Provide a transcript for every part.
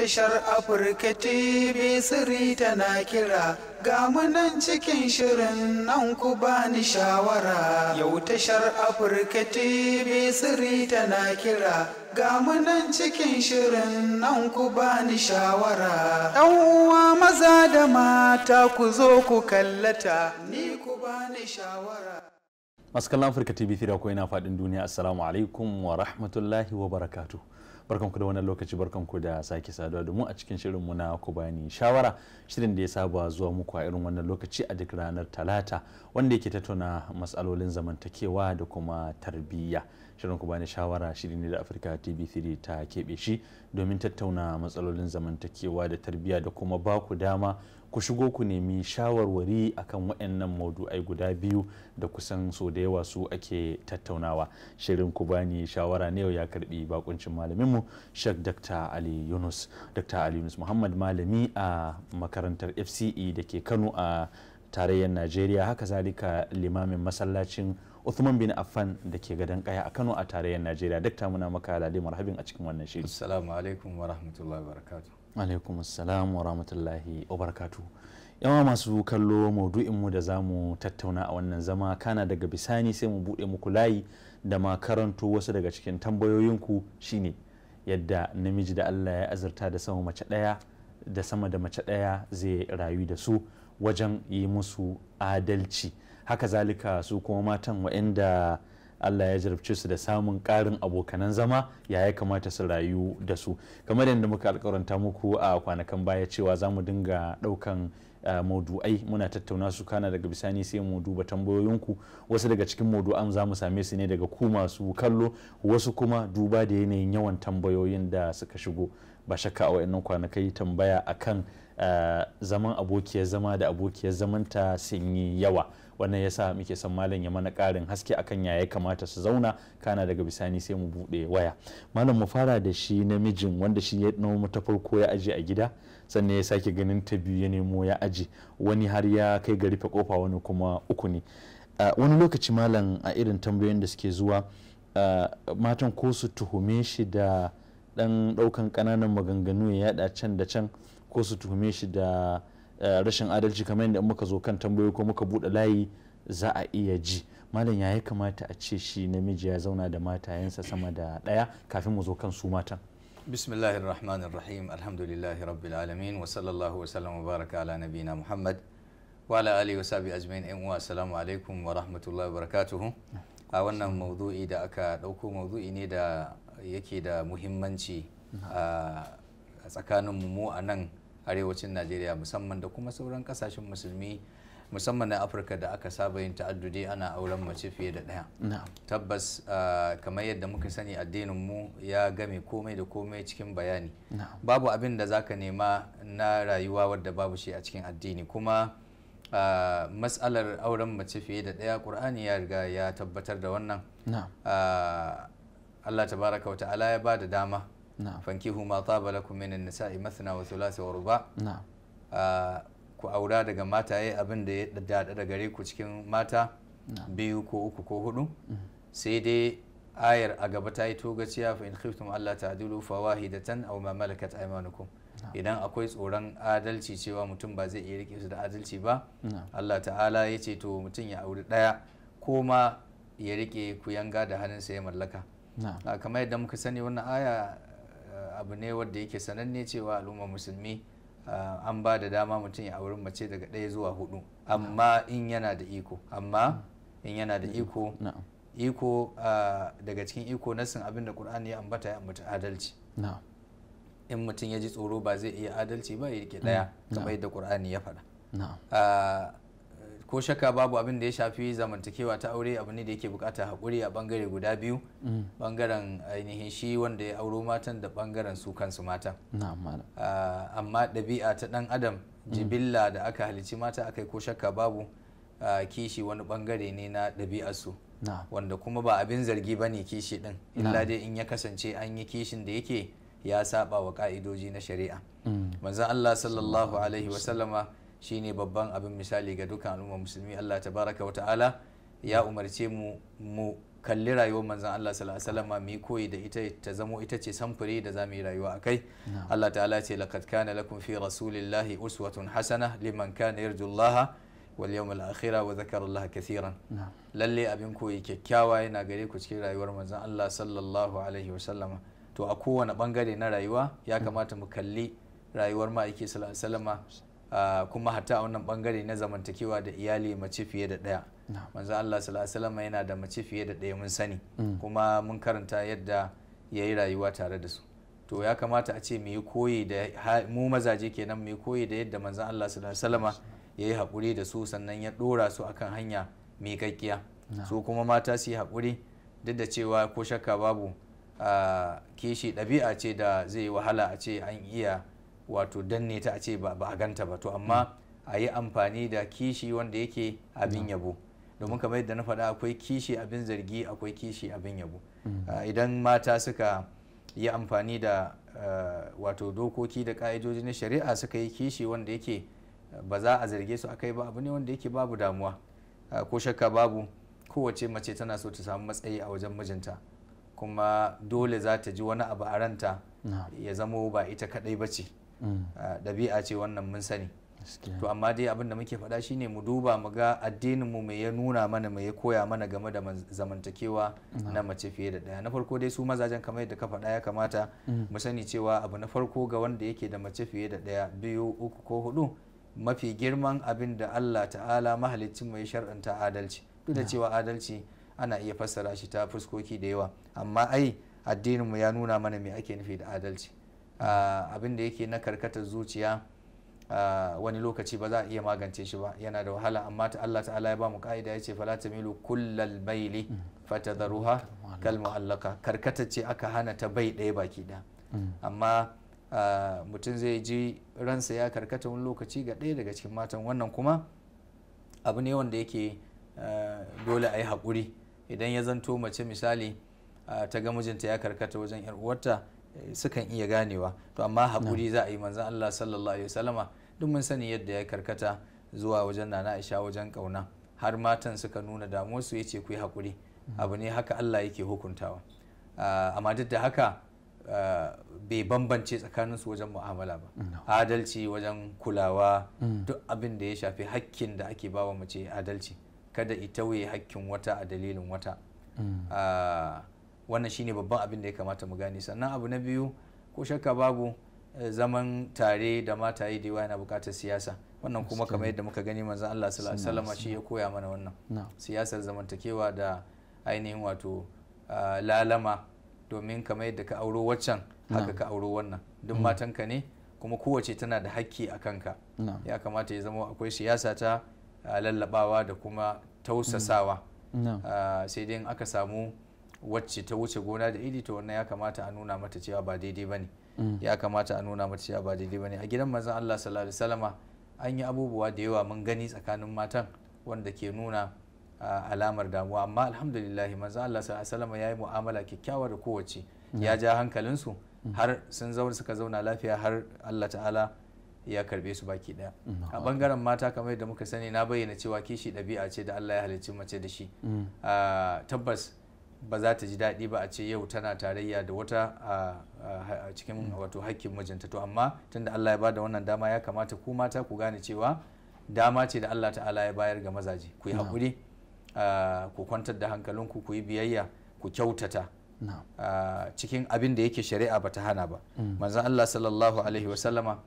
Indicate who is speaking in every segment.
Speaker 1: tashar afirka tv siri tana kira ga munan cikin shirin nan ku bani shawara yau tashar afirka tv siri tana kira ga munan cikin shirin nan ku bani shawara ɗan uwa maza da mata ku zo ku kallata ni ku bani shawara
Speaker 2: masu kallon afirka tv 3 ko ina faɗin duniya assalamu alaikum wa rahmatullahi wa barakatuh barkanku da wannan lokaci barkanku da sake saduwa domin a cikin shirin mu na ku bani shawara shirin da ya saba zuwa muku a irin wannan lokaci a duk ranar talata wanda yake tattauna matsalolin zamantakewa da kuma tarbiyya shirin ku bani shawara shiri ne da Afirka TV3 ta keɓe shi domin tattauna matsalolin zamantakewa da tarbiyya da kuma baku dama ku shigo ku nemi shawarwari akan waɗannan maudu'ai guda biyu da kusan so da yawa su ake tattaunawa shirin ku bani shawara ne yau ya karbi bakuncin malaminmu shek dr ali yunus dr ali yunus muhammad malami a makarantar fce da ke kano a tarayyar najeriya haka zalika limamin masallacin Uthman bin Affan da ke gadon kaya a Kano a tarayyar Najeriya. Dakta muna maka lale marhabin a cikin wannan shiri. Assalamu
Speaker 3: alaikum wa rahmatullahi wa barakatuh.
Speaker 2: alaikum assalam wa rahmatullahi wa barakatu yawa masu kallo maudu'inmu da za mu tattauna a wannan zama kana daga bisani sai mu buɗe muku layi da ma karanto wasu daga cikin tambayoyinku shine yadda namiji da allah ya azurta da sama mace ɗaya da sama da mace ɗaya zai rayu da su wajen yi musu adalci haka zalika su kuma matan waɗanda Allah ya jarabce su da samun ƙarin abokanan zama ya ya kamata su rayu da su kamar yadda muka alkaranta muku a kwanakan baya cewa za mu dinga ɗaukan eh, maudu'ai muna tattauna su kana daga bisani sai mu duba tambayoyinku wasu daga cikin maudu'an za mu same su ne daga ku masu kallo wasu kuma duba da yanayin yawan tambayoyin da suka shigo ba shakka a wayannan kwanakai tambaya akan eh, zaman abokiyar zama da abokiyar zamanta sun yi yawa wannan yasa muke son malam ya mana karin haske akan ya ya kamata su zauna kana daga bisani sai mu bude waya malam mu fara da shi namijin wanda shi ya nemo ta farko ya aje a gida sannan ya sake ganin ta biyu ya nemo ya aje wani har ya kai ga rufe kofa wani kuma uku ne wani lokaci malam a irin tambayoyin da suke zuwa matan ko su tuhume shi da dan daukan kananan maganganu ya yada can da can ko su tuhume shi da Eh, rashin adalci kamar yadda muka zo kan tambayoyi ko muka buɗe layi za a iya ji malam ya yi kamata a ce shi namiji ya zauna da matayensa sama da ɗaya kafin mu zo kan su matan
Speaker 3: bismillahir rahmanir rahim alhamdulillahi rabbil alamin wa sallallahu wa sallam wa baraka ala nabiyina muhammad wa ala alihi wa sahbihi ajma'in in wa assalamu alaikum wa rahmatullahi wa barakatuhu a wannan mawdu'i da aka dauko mawdu'i ne da yake da muhimmanci mm-hmm. a tsakanin mu a nan arewacin najeriya musamman da kuma sauran kasashen musulmi musamman na afirka da aka saba yin ta'addudi ana auren mace fiye da ɗaya tabbas kamar yadda muka sani addinin mu ya game komai da komai cikin bayani babu abin da zaka nema na rayuwa wadda babu shi a cikin addini kuma matsalar auren mace fiye da ɗaya ƙur'ani ya riga ya tabbatar da wannan allah tabaraka wa ta'ala ya ba da dama نعم فانكحوا ما طاب لكم من النساء مثنى وثلاث ورباع نعم ku aura daga mataye abin da ya daɗa da gare ku cikin mata biyu ko uku ko hudu mm-hmm. sai dai ayar a gaba ta yi togaciya fa in khiftum Allah ta'dilu fa wahidatan aw ma malakat aymanukum idan akwai tsoron adalci cewa mutum ba zai iya rike su da adalci ba Allah ta'ala ya ce to mutum ya auri ɗaya. ko ma ya rike ku yanga da sa ya mallaka ah, kamar yadda muka sani wannan aya abu ne wadda yake sananne cewa al'umma musulmi ah, an ba da dama mutum ya auri mace daga ɗaya zuwa hudu amma in yana da iko amma in yana da iko iko ah, daga cikin iko nasin abin da qur'ani ya ambata ya ambata adalci in mutum ya ji tsoro ba zai iya adalci ba ya rike ɗaya mm, kamar yadda qur'ani ya faɗa ah, ko shaka babu abin da ya shafi zamantakewa ta aure abu ne da yake bukata haƙuri a bangare guda biyu bangaren mm. ainihin shi wanda ya auro matan da bangaren su kansu mata ah, amma ɗabi'a ta ɗan adam mm. jibilla da aka halici mata akai ko shaka babu ah, kishi wani bangare ne na su. wanda kuma ba abin zargi ba ne kishi ɗin illa dai in ya kasance an yi kishin da yake ya saba wa ka'idoji na shari'a mm. manzan allah sallallahu alaihi wasallama shine babban abin misali ga dukkan al'umma musulmi Allah tabaraka wa ta'ala ya umarce mu mu kalli rayuwar manzon Allah sallallahu alaihi wasallam mu koyi da ita ta zamo ita ce samfuri da zamu yi rayuwa akai Allah ta'ala ce laqad kana lakum fi rasulillahi uswatun hasana liman kana yarjullaha wal yawmal akhir wa dhakara Allah kaseeran lalle abin koyi kyakkyawa yana gare ku cikin rayuwar manzon Allah sallallahu alaihi wasallam to a kowane bangare na rayuwa ya kamata mu kalli rayuwar ma'aiki sallallahu alaihi wasallam Ah, kuma hatta a wannan bangare na zamantakewa da iyali mace fiye da ɗaya manzo Allah sallallahu yana da mace fiye da ɗaya mun sani mm. kuma mun karanta yadda yayi rayuwa tare da su to ya kamata a ce mu yi koyi da mu mazaje kenan mu yi koyi da yadda manzo Allah sallallahu alaihi ya yi hakuri da su sannan ya ɗora su akan hanya mai kakkiya su kuma mata su yi haƙuri duk da cewa ko shakka babu ah, kishi ɗabi'a ce da zai wahala a ce an iya wato danne ta a ce ba a ganta ba to amma a yi amfani da kishi wanda yake abin mm. yabo domin kamar yadda na faɗa akwai kishi abin zargi akwai kishi abin yabo mm. ah, idan mata suka yi amfani da ah, wato dokoki da ka'idoji na shari'a suka yi kishi wanda yake ah, ba za a zarge su akai ba abu ne wanda yake babu damuwa ko shakka babu kowace mace tana so ta samu matsayi a wajen mijinta kuma dole za ta ji wani abu a ranta ya zamo ba ita kadai ba ce Ah, ɗabi'a ce wannan mun sani to amma dai abin da muke faɗa shine mu duba mu ga addinin mu mai ya nuna mana mai ya koya mana game da zamantakewa na mace fiye da ɗaya na farko dai su mazajen kamar yadda ka faɗa ya kamata mm. mu sani cewa abu na farko ga wanda yake da mace fiye da ɗaya biyu uku ko hudu mafi girman abin da Allah ta'ala mahalicci mai shar'anta adalci duk da cewa adalci ana iya fassara shi ta fuskoki da yawa amma ai addininmu ya nuna mana me ake nufi da adalci Ah, abin da yake na karkatar zuciya ah, wani lokaci ba za a iya magance shi ba yana da wahala amma ta Allah ta'ala ya ba mu ka'ida ya ce falata milu kullal baili mm. fatadharuha kal allaka karkata ce aka hana ta bai ɗaya baki ɗaya mm. amma ah, mutum zai ji ransa ya karkata wani lokaci ga ɗaya daga cikin matan wannan kuma abu ne wanda yake dole a yi haƙuri idan ya zanto mace misali ta ga mijinta ya karkata wajen 'yar uwarta sukan iya ganewa to amma haƙuri za a yi manzan Allah sallallahu alaihi wasallama duk mun sani yadda ya karkata zuwa wajen nana Aisha wajen ƙauna. har matan suka nuna damuwarsu ya ce ku yi haƙuri abu ne haka Allah yake hukuntawa ah, amma duk da haka ah, bai bambance tsakanin su wajen mu'amala ba adalci wajen kulawa mm. duk abin da ya shafi hakkin da ake bawa mace adalci kada ita waye hakkin wata a dalilin wata mm. ah, wannan shine babban abin da ya kamata mu gani sannan abu na biyu ko shakka babu eh, zaman tare da yi da yawa yana bukatar siyasa wannan kuma kamar yadda muka gani manzon Allah sallallahu alaihi shi ya koya mana wannan siyasar zamantakewa da ainihin wato lalama domin kamar yadda ka auro waccan haka ka auro wannan duk mm. matanka ne kuma kowace tana da hakki a kanka ya kamata ya zama akwai siyasa ta lallabawa da kuma tausasawa mm. sai dai aka samu wacce ta wuce gona da iri to wannan ya kamata a nuna mata cewa ba daidai bane mm. ya kamata a nuna mata cewa ba daidai bane a gidan manzon Allah sallallahu alaihi wasallama an yi abubuwa da yawa mun gani tsakanin matan wanda ke nuna alamar damuwa amma alhamdulillah manzon Allah sallallahu alaihi wasallama yayi mu'amala kyakkyawa da kowace mm. ya ja hankalinsu mm. har sun zauna suka zauna lafiya har Allah ta'ala ya karbe su baki daya a bangaren mata kamar yadda muka sani na bayyana cewa kishi ɗabi'a ce da Allah ya halicci mace da shi tabbas ba za ta ji daɗi ba a ce yau tana tarayya da wata a cikin mm. wato hakkin mijinta to amma tunda Allah ya bada wannan dama ya kamata ku mata ku gane cewa dama ce da Allah ta'ala ya bayar ga mazaje ku yi haƙuri ku kwantar da hankalinku ku yi biyayya ku kyautata cikin abin da yake shari'a ba ta hana ba mm. manzon Allah sallallahu alaihi wa sallama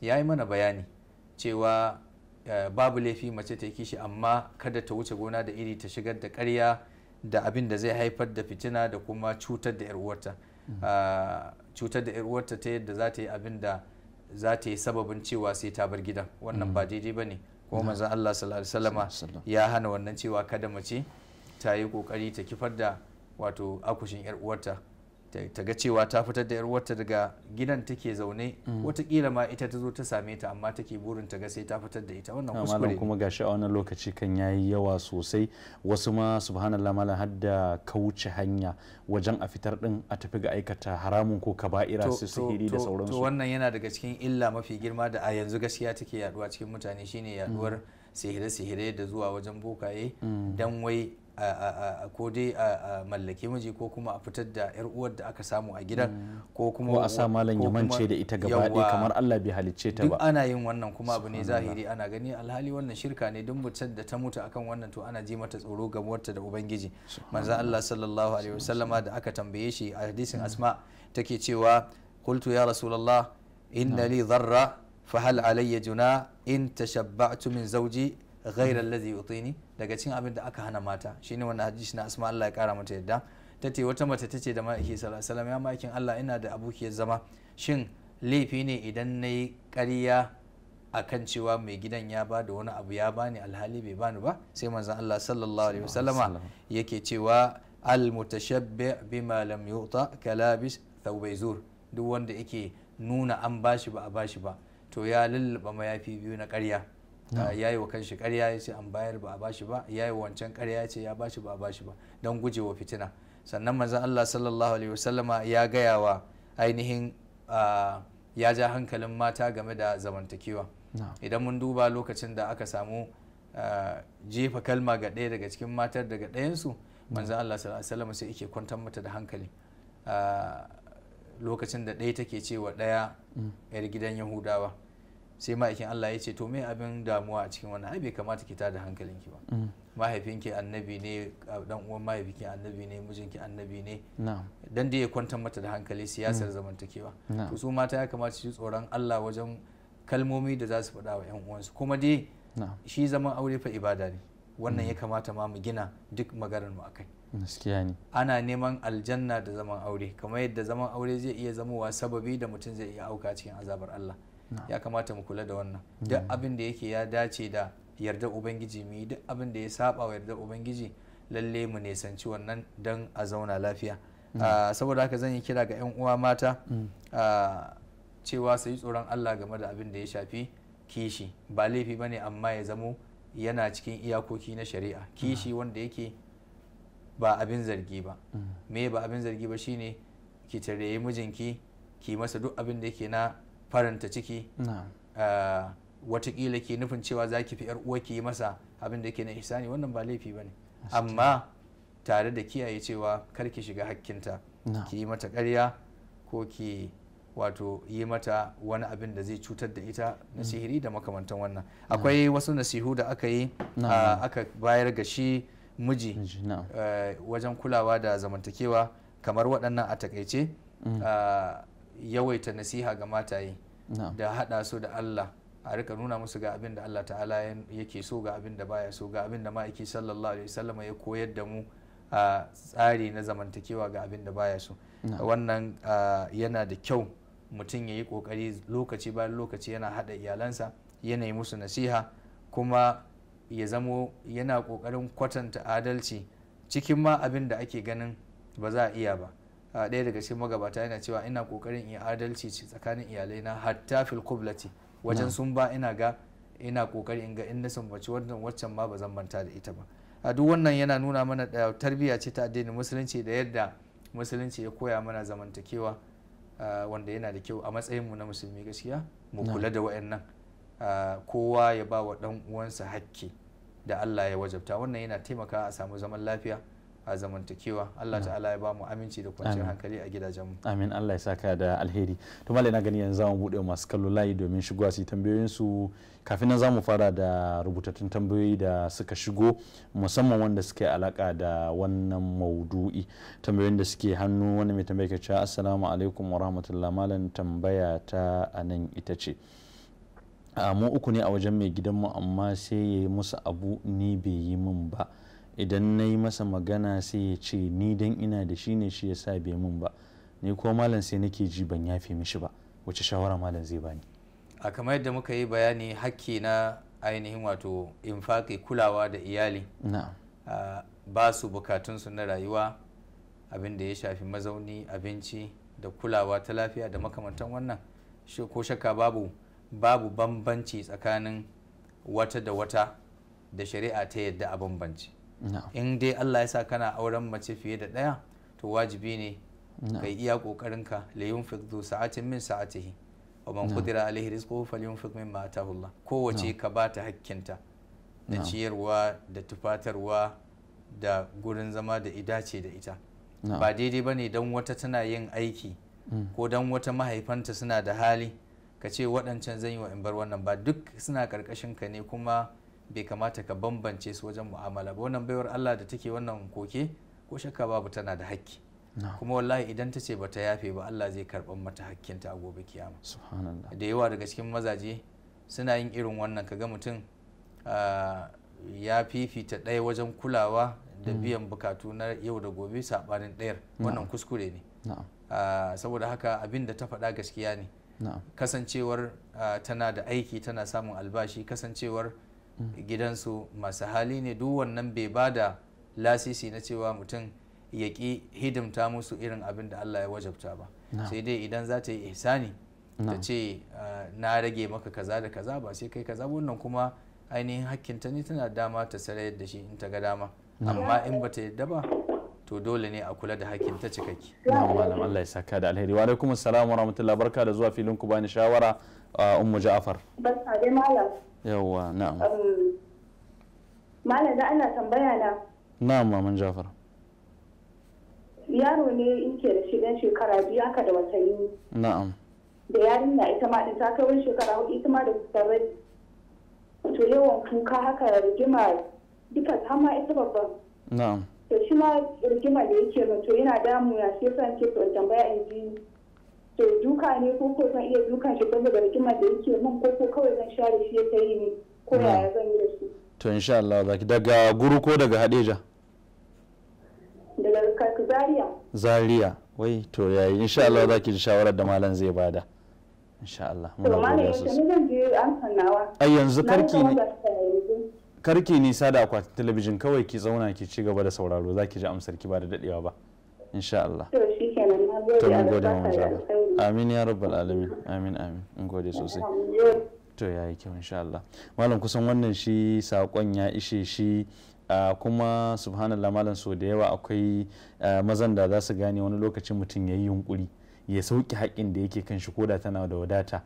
Speaker 3: ya yi mana bayani cewa babu laifi mace ta yi kishi amma kada ta wuce gona da iri ta shigar da ƙarya da abin da zai haifar da fitina da kuma cutar da yarwarta mm-hmm. ah, cutar da yarwarta ta yadda za ta yi abin da za ta yi sababin cewa sai ta bar gidan wannan ba mm-hmm. daidai ba ne kuma manzon Allah sallallahu alaihi ya hana wannan cewa kada mace ta yi kokari ta kifar da wato akushin 'yar ta ga cewa ta fitar da yar wata daga gidan take zaune mm. watakila ma ita ta zo ta same ta amma take burin ta ga sai ta fitar da ita wannan kuskure kuma
Speaker 2: gashi a wannan lokaci kan yayi yawa sosai wasu ma subhanallah mala har da kauce hanya wajen a fitar din a tafi ga aikata haramun ko kaba'ira su sihiri da sauransu to
Speaker 3: wannan yana daga cikin illa mafi girma da a yanzu gaskiya take yaduwa cikin mutane shine yaduwar mm. sihire-sihire da zuwa wajen bokaye mm. dan wai ko dai a mallake miji ko kuma a fitar da yar uwar da aka samu a gidan ko kuma a sa malam ya mance da ita gaba ɗaya kamar Allah
Speaker 2: bai halicce ta ba duk ana yin
Speaker 3: wannan kuma abu ne zahiri ana gani alhali wannan shirka ne duk mutar da ta mutu akan wannan to ana ji mata tsoro ga gamuwarta da ubangiji manzo Allah sallallahu alaihi wasallama da aka tambaye shi a hadisin mm. asma take cewa qultu ya rasulullah inna li dharra fa hal alayya juna in tashabba'tu min zawji ghayra allazi yutini daga cikin abin da aka hana mata shine wannan hadisi na asma Allah ya kara mata yadda tace wata mace tace da ma'aiki sallallahu alaihi wasallam ya ma'aikin Allah ina da abokiyar zama shin laifi ne idan nayi ƙarya akan cewa mai gidan ya ba da wani abu ya bani alhali bai bani ba sai manzon Allah sallallahu alaihi wasallama yake cewa al mutashabbi bima lam yuta kalabis thawbayzur duk wanda yake nuna an bashi ba a bashi ba to ya lullaba mayafi biyu na ƙarya ya yi wa kanshi karya ya ce an bayar ba a bashi ba ya yi wancan karya ya ce ya bashi ba a bashi ba don gujewa fitina sannan manzon Allah sallallahu alaihi wasallama ya gaya wa ainihin ya ja hankalin mata game da zamantakewa idan mun duba lokacin da aka samu jefa kalma ga ɗaya daga cikin matar daga ɗayansu manzon Allah sallallahu alaihi wasallama sai yake kwantar mata da hankali lokacin da ɗaya take cewa ɗaya 'yar mm. gidan yahudawa sai ma'aikin Allah ya ce to me abin damuwa a cikin wannan a bai kamata ki tada hankalinki ba mm. mahaifinki annabi ne dan uwan mahaifinki annabi ne mijin ki annabi ne dan da ya kwantar mata da hankali siyasar mm. zamantakewa to su mata ya kamata su tsoron Allah wajen kalmomi da za su faɗa wa yan uwansu kuma dai shi zaman aure fa ibada ne wannan mm. ya kamata ma mu gina duk maganar mu akai gaskiya ne ana neman aljanna da zaman aure kamar yadda zaman aure zai iya zamowa sababi da mutum zai iya auka cikin azabar Allah ya kamata mu kula da wannan duk abin da yake ya dace da yarda ubangiji mu yi duk abin da ya saba wa yardar ubangiji lalle mu nisanci wannan don a zauna lafiya ah, saboda haka zan yi kira ga 'yan uwa mata mm. ah, cewa su yi tsoron allah game da abin da ya shafi kishi ba laifi ba ne amma ya zamo yana cikin iyakoki na shari'a kishi wanda yake ba abin zargi ba mm. me ba abin zargi ba shine ki tarayi mijinki ki masa duk abin da yake na faranta ciki ah, watakila ke nufin cewa za ki fi yar uwa ki yi masa abin da ke na ihsani wannan ba laifi ba ne amma tare da kiyaye cewa kar ki shiga hakkinta ki yi mata karya ko ki wato yi mata wani abin da zai cutar da ita na mm. sihiri da makamantan wannan akwai wasu nasihu da aka yi ah, aka bayar ga shi miji eh, wajen kulawa da zamantakewa kamar waɗannan a takaice mm. ah, yawaita nasiha ga mataye da haɗa su da Allah a rika nuna musu ga abin da Allah ta'ala yake so ga abin da baya so ga abin da ma'aiki sallallahu alaihi wasallam ya koyar da mu a tsari na zamantakewa ga abin da baya so wannan yana da kyau mutum ya yi kokari lokaci bayan lokaci yana haɗa iyalansa yanayi musu nasiha kuma ya zamo yana kokarin kwatanta adalci cikin ma abin da ake ganin ba za a iya ba ɗaya daga cikin magabata yana cewa ina kokarin in adalci tsakanin iyalai na hatta fil kublati wajen sun ba ina ga ina kokarin in ga in na sumbaci wannan waccan ma ba zan manta da ita ba a duk wannan yana nuna mana da tarbiyya ce ta addinin musulunci da yadda musulunci ya koya mana zamantakewa wanda yana da kyau a matsayinmu na musulmi gaskiya mu kula da wayannan kowa ya ba wa dan uwansa hakki da Allah ya wajabta wannan yana taimakawa a samu zaman lafiya a zamantakewa Allah ta'ala ya ba mu aminci da kwanciyar hankali a gidajenmu
Speaker 2: amin Allah ya saka da alheri to malai na gani yanzu mu bude masu kallo layi domin shigowa su tambayoyin su kafin nan zamu fara da rubutattun tambayoyi da suka shigo musamman wanda suke alaka da wannan maudu'i tambayoyin da suke hannu wanda mai tambaya ke cewa assalamu alaikum wa rahmatullahi malam tambaya ta anan ita ce ah, mu uku ne a wajen mai gidanmu amma sai ya yi musu abu ni bai yi min ba idan na yi masa magana sai ya ce ni dan ina da shi ne shi ya sa bai mun ba ni ko malam sai nake ji ban yafe mishi ba wace shawara malam zai bani
Speaker 3: a kamar yadda muka yi bayani hakki na ainihin wato infaki kulawa da iyali ba su bukatunsu na rayuwa abin da ya shafi mazauni abinci da kulawa ta lafiya da makamantan wannan ko shakka babu babu bambanci tsakanin wata da wata da shari'a ta yadda a bambanci in dai Allah ya sa kana auren mace fiye da ɗaya to wajibi ne kai iya kokarin ka la yunfiq sa'atin min sa'atihi wa man qadira alaihi rizquhu falyunfiq mimma atahu Allah kowace ka ba ta hakkinta da ciyarwa da tufatarwa da gurin zama da ce da ita ba daidai ba ne dan wata tana yin aiki mm. ko dan wata mahaifanta suna da hali ka ce waɗancan zan yi wa in bar wannan ba duk suna ƙarƙashin ka ne kuma bai kamata ka bambance su wajen mu'amala ba wannan baiwar Allah da take wannan koke ko shakka babu tana da hakki kuma wallahi idan ta ce ba ta yafe ba Allah zai karɓar mata hakkinta a gobe kiyama Subhanallah. da yawa daga cikin mazaje suna yin irin wannan ka ga mutum ah, ya fifita ɗaya wajen kulawa da mm. biyan bukatu na yau da gobe saɓanin ɗayar wannan kuskure ne ah, saboda haka abin da ta faɗa gaskiya ne kasancewar ah, tana da aiki tana samun albashi kasancewar gidansu masu hali ne duk wannan bai ba da lasisi na cewa mutum ya ki hidimta musu irin abin da Allah ya wajabta ba sai dai idan za ta yi ihsani ta ce ah, na rage maka kaza da kaza ba sai kai kaza wannan kuma ainihin ta ne tana dama ta sarayar da shi in ta ga dama amma in ba ta yadda ba to dole ne a kula da hakkin ta cikakke.
Speaker 1: malam
Speaker 2: da Wa wa rahmatullahi barka zuwa filin ku shawara ah, Ummu Ja'far. yawwa na'am
Speaker 4: amma. da ana tambaya na
Speaker 2: na'am maman jafar
Speaker 4: yaro ne ke da shi dan shekara biyu haka da watanni na'am da yarinya ita ma ta kai wani shekara hudu ita ma da kusurai to yawan kuka haka rigima duka hama ita babban na'am to shi ma rigima da yake to yana damu ya shi yasa ke tambaya in ji to duka ne ko ko zan iya duka shi da rigima da yake min ko ko kawai zan share shi ya yi ne ko hmm. ya zan yi da shi
Speaker 2: to insha Allah zaki daga guru ko daga Hadeja
Speaker 4: daga Zaria
Speaker 2: Zaria wai to yayi insha Allah zaki ji shawarar da malam zai bada insha Allah muna
Speaker 1: an sanawa ai
Speaker 2: yanzu karki ne karki nisa da akwatin talabijin kawai ki zauna ki ci gaba da sauraro zaki ji amsar ki ba da dadewa ba insha Allah
Speaker 5: to mun
Speaker 2: amin ya rabbal alamin amin amin in gode sosai to yayi kyau insha Allah malam kusan wannan shi sakon ya ishe shi Uh, kuma subhanallah malam so da yawa akwai uh, mazan da za su gane wani lokacin mutum ya yi yunkuri ya sauki haƙƙin da yake kan shi koda tana da wadata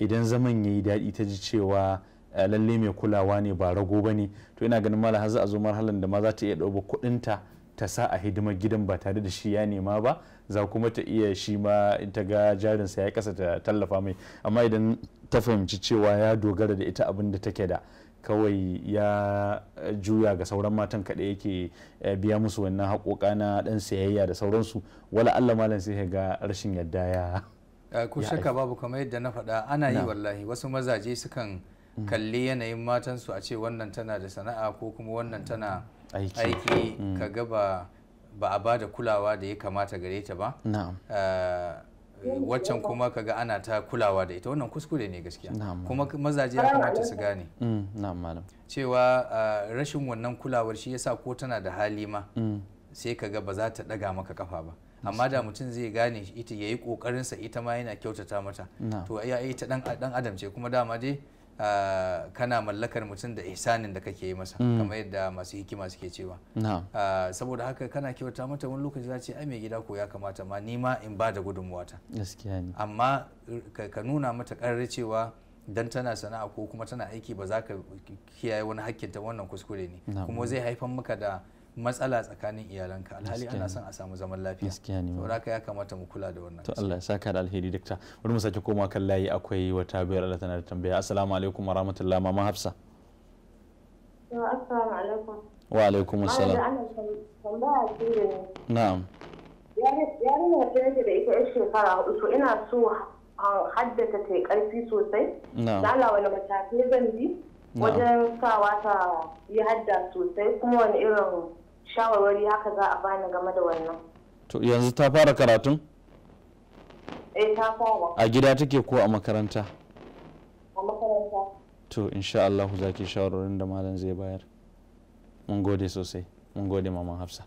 Speaker 2: idan zaman ya yi daɗi ta ji cewa lalle mai kulawa ne ba rago ba ne to ina ganin malam har za a zo marhalan da ma za ta iya ɗauba kuɗinta ta sa a hidimar gidan ba tare da shi ya nema ba za kuma ta iya shi ma in ta ga jarinsa ya kasa ta tallafa mai amma idan ta fahimci cewa ya dogara da ita abin da take da kawai ya eh, juya ga sauran matan kaɗai yake eh, biya musu wannan haƙoƙa na ɗan sayayya da sauransu wala allah malam sai ga rashin yadda ya eh, ku shakka
Speaker 3: babu kamar yadda na faɗa ana yi wallahi wasu mazaje sukan mm. kalli yanayin matansu a ce wannan tana da sana'a ko kuma wannan tana aiki mm. ka ga ba a ba da kulawa da ya kamata gare ta ba eh, waccan kuma kaga ana ta kulawa da ita wannan kuskure ne gaskiya kuma mazaje ya kamata su gane
Speaker 6: mm,
Speaker 3: cewa eh, rashin wannan kulawar shi yasa ko tana da hali ma mm. sai kaga ba za ta daga maka kafa ba amma da mutum zai gane ita yayi kokarin sa ita ma yana kyautata mata to ya ta dan adam ce kuma dama dai kana mallakar mutum da ihsanin da kake yi masa mm. kamar yadda masu hikima suke cewa saboda haka kana kyauta mata wani lokaci za ce ai mai gida ko ya kamata ma nima in ba da gudunmuwata amma ka nuna mata karar cewa dan tana sana'a ko kuma tana aiki ba za ka kiyaye wani hakkinta wannan kuskure ne kuma zai haifar maka da matsala tsakanin iyalanka alhali ana son a samu zaman lafiya gaskiya ne saboda ya kamata mu kula da wannan to Allah
Speaker 2: ya saka da alheri dakta bari mu sake koma kan layi akwai wata biyar Allah tana da tambaya assalamu alaikum warahmatullahi rahmatullahi mama Hafsa
Speaker 3: to assalamu
Speaker 5: alaikum
Speaker 2: wa alaikum assalam
Speaker 4: na'am ya ne ya ne da ita yar shekara hudu so ina so haddata ta karfi sosai na'am lala wani matakai zan bi wajen sawa ta yi hadda sosai kuma wani irin shawarwari haka za a bani game da wannan
Speaker 2: to yanzu ta fara karatun
Speaker 4: eh ta fara
Speaker 2: a gida take ko a makaranta
Speaker 1: a makaranta
Speaker 2: to insha Allah za ki shawarwarin da malam zai bayar mun gode sosai mun gode maman Hafsa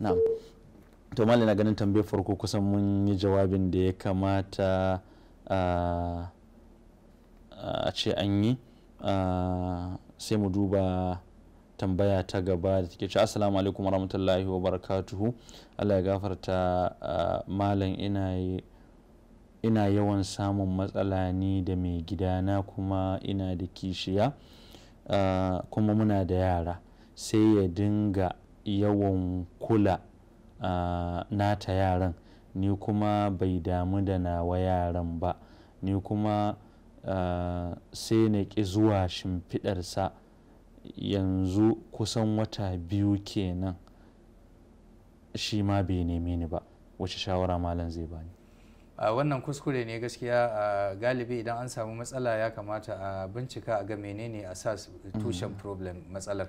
Speaker 2: na'am to malam na ganin tambayar farko kusan mun yi jawabin da ya kamata a ce an yi sai mu duba tambaya ta gaba da take ce assalamu alaikum warahmatullahi wabarakatuhu Allah ya gafarta malam ina yawan samun matsala ne da mai gidana kuma ina da kishiya kuma muna da yara sai ya dinga yawan kula nata yaran ni kuma bai damu da nawa yaran ba ni kuma sai na ƙi zuwa shimfiɗarsa yanzu kusan wata biyu kenan shi ma bai neme ni ba wace shawara malam zai bani
Speaker 3: a wannan kuskure ne gaskiya a galibi idan an samu matsala ya kamata a bincika a ga menene a sa tushen mm. problem matsalar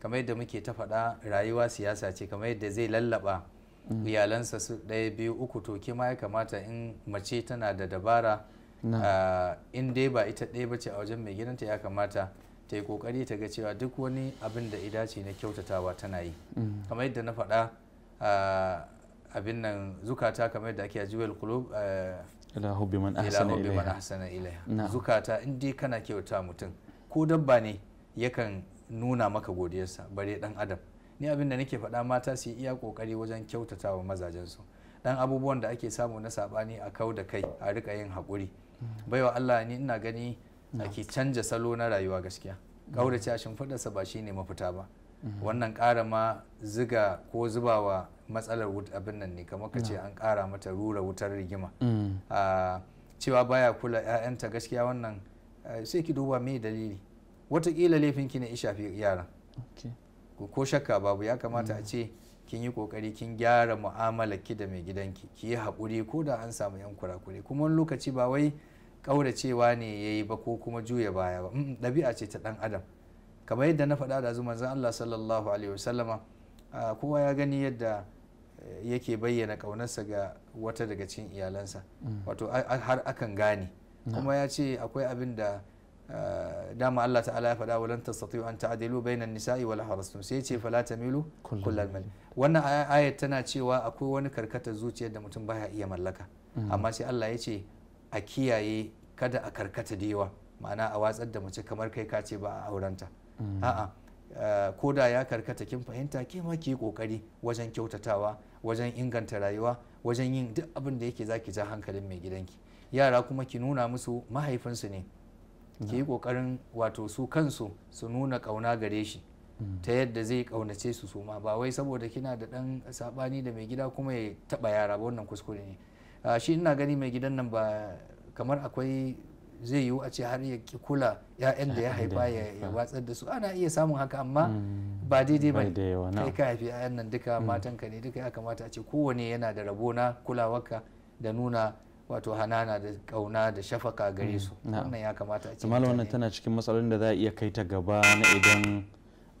Speaker 3: kamar yadda muke ta faɗa rayuwa siyasa ce kamar yadda zai lallaba mm. iyalansa su ɗaya biyu uku to kima ya kamata in mace tana da dabara in dai ba ita ɗaya bace a wajen mai gidanta ya kamata ta yi kokari ta ga cewa duk wani abin da idace na kyautatawa tana yi mm. kamar yadda na faɗa abin nan zukata kamar yadda ake ajiyar kulub ila hubbi man ahsana ilaiha zukata in dai kana kyauta mutum ko dabba ne yakan nuna maka godiyarsa bare dan adam ni abin da nake faɗa mata su iya kokari wajen kyautata wa mazajensu dan abubuwan da ake samu na saɓani a kau da kai a rika yin haƙuri mm. baiwa Allah ni ina gani ake canja salo na rayuwa gaskiya kaurace a shimfiɗarsa ba shine mafita ba mm-hmm. wannan kara ma ziga ko zubawa matsalar abin nan ne kamar ka ce an kara mata rura wutar rigima mm. ah, cewa baya kula 'ya'yanta gaskiya wannan ah, sai ki duba me dalili watakila laifinki ne ya shafi yaran ko shakka babu ya kamata mm. a ce kin yi kokari kin gyara mu'amalar ki da mai gidanki ki yi haƙuri ko da an samu yan kurakure kuma wani lokaci ba wai ƙauracewa ne ya yi ba ko kuma juya baya ba ɗabi'a ce ta ɗan adam kamar yadda na faɗa da zuma zan Allah sallallahu alaihi wasallama kowa ya gani yadda eh, yake bayyana ƙaunarsa ga wata daga cikin iyalansa mm. wato har akan gane kuma ya ce akwai abin da eh, dama Allah ta'ala ya faɗa walan tastati'u an ta'dilu bainan nisa'i wal harasun sai ce fala tamilu kullal mal wannan ayat tana cewa akwai wani karkatar zuciyar da mutum baya iya mallaka mm. amma sai Allah ya ce a kiyaye kada a karkata da yawa ma'ana a watsar da mace kamar kai ka ce ba a aurenta mm. a'a eh, ko da ya karkata kin fahimta ke ma ke kokari wajen kyautatawa wajen inganta rayuwa wajen yin duk abin da yake zaki ja hankalin mai gidanki yara kuma ki nuna musu mahaifinsu ne ki yi kokarin wato su kansu su nuna kauna gare shi mm. ta yadda zai kaunace su su ma ba wai saboda kina da dan sabani da mai gida kuma ya taba yara ba wannan kuskure ne Ah, shi ina gani mai gidan nan ba kamar akwai zai yiwu a ce har ya kula 'ya'yan da ya haifa ya watsar da su ana iya samun haka amma hmm, ba daidai ba kai ka haifi 'ya'yan nan duka hmm. matanka ne duka ya kamata a ce kowane yana da rabo na kulawarka da nuna wato hanana da kauna da shafaka gare hmm, su wannan ya kamata a ce
Speaker 2: wannan tana cikin matsalolin da za a iya kai ta gaba na idan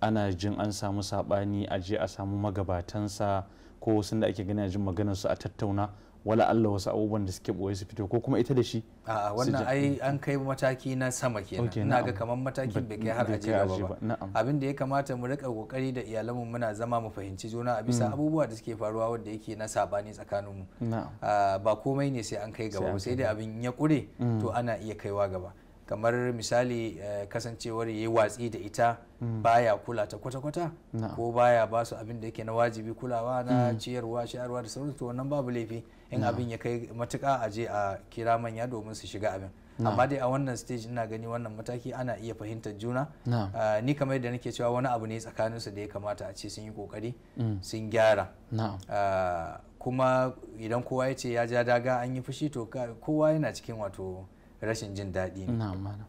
Speaker 2: ana jin an samu sabani a je a samu magabatansa ko wasu da ake gani jin maganar su a tattauna wala Allah wasu abubuwan da suke boye su fito ko kuma ita da shi
Speaker 3: a wannan ai an kai mataki na sama kenan ina ga kamar matakin bai kai har aje ba abin da ya kamata mu rika kokari da iyalanmu muna zama mu fahimci juna a bisa mm. abubuwa da suke faruwa wanda yake na sabani tsakanin mu ba komai ne sai an kai gaba sai dai abin ya kure to mm. ana iya kaiwa gaba kamar misali eh, kasancewar yayi watsi da ita mm. baya kula ta kwata-kwata ko baya ba su abin da yake na wajibi kulawa na ciyarwa shayarwa da sauransu to wannan babu laifi in abin ya kai matuka a je a kira manya domin su shiga abin amma dai a wannan stage ina gani wannan mataki ana iya fahimtar juna ah, ni kamar yadda nake cewa wani abu ne tsakanin su da ya kamata a ce sun yi kokari mm. sun gyara ah, kuma idan kowa ya ce ya ja daga an yi fushi to kowa yana cikin wato rashin jin daɗi ne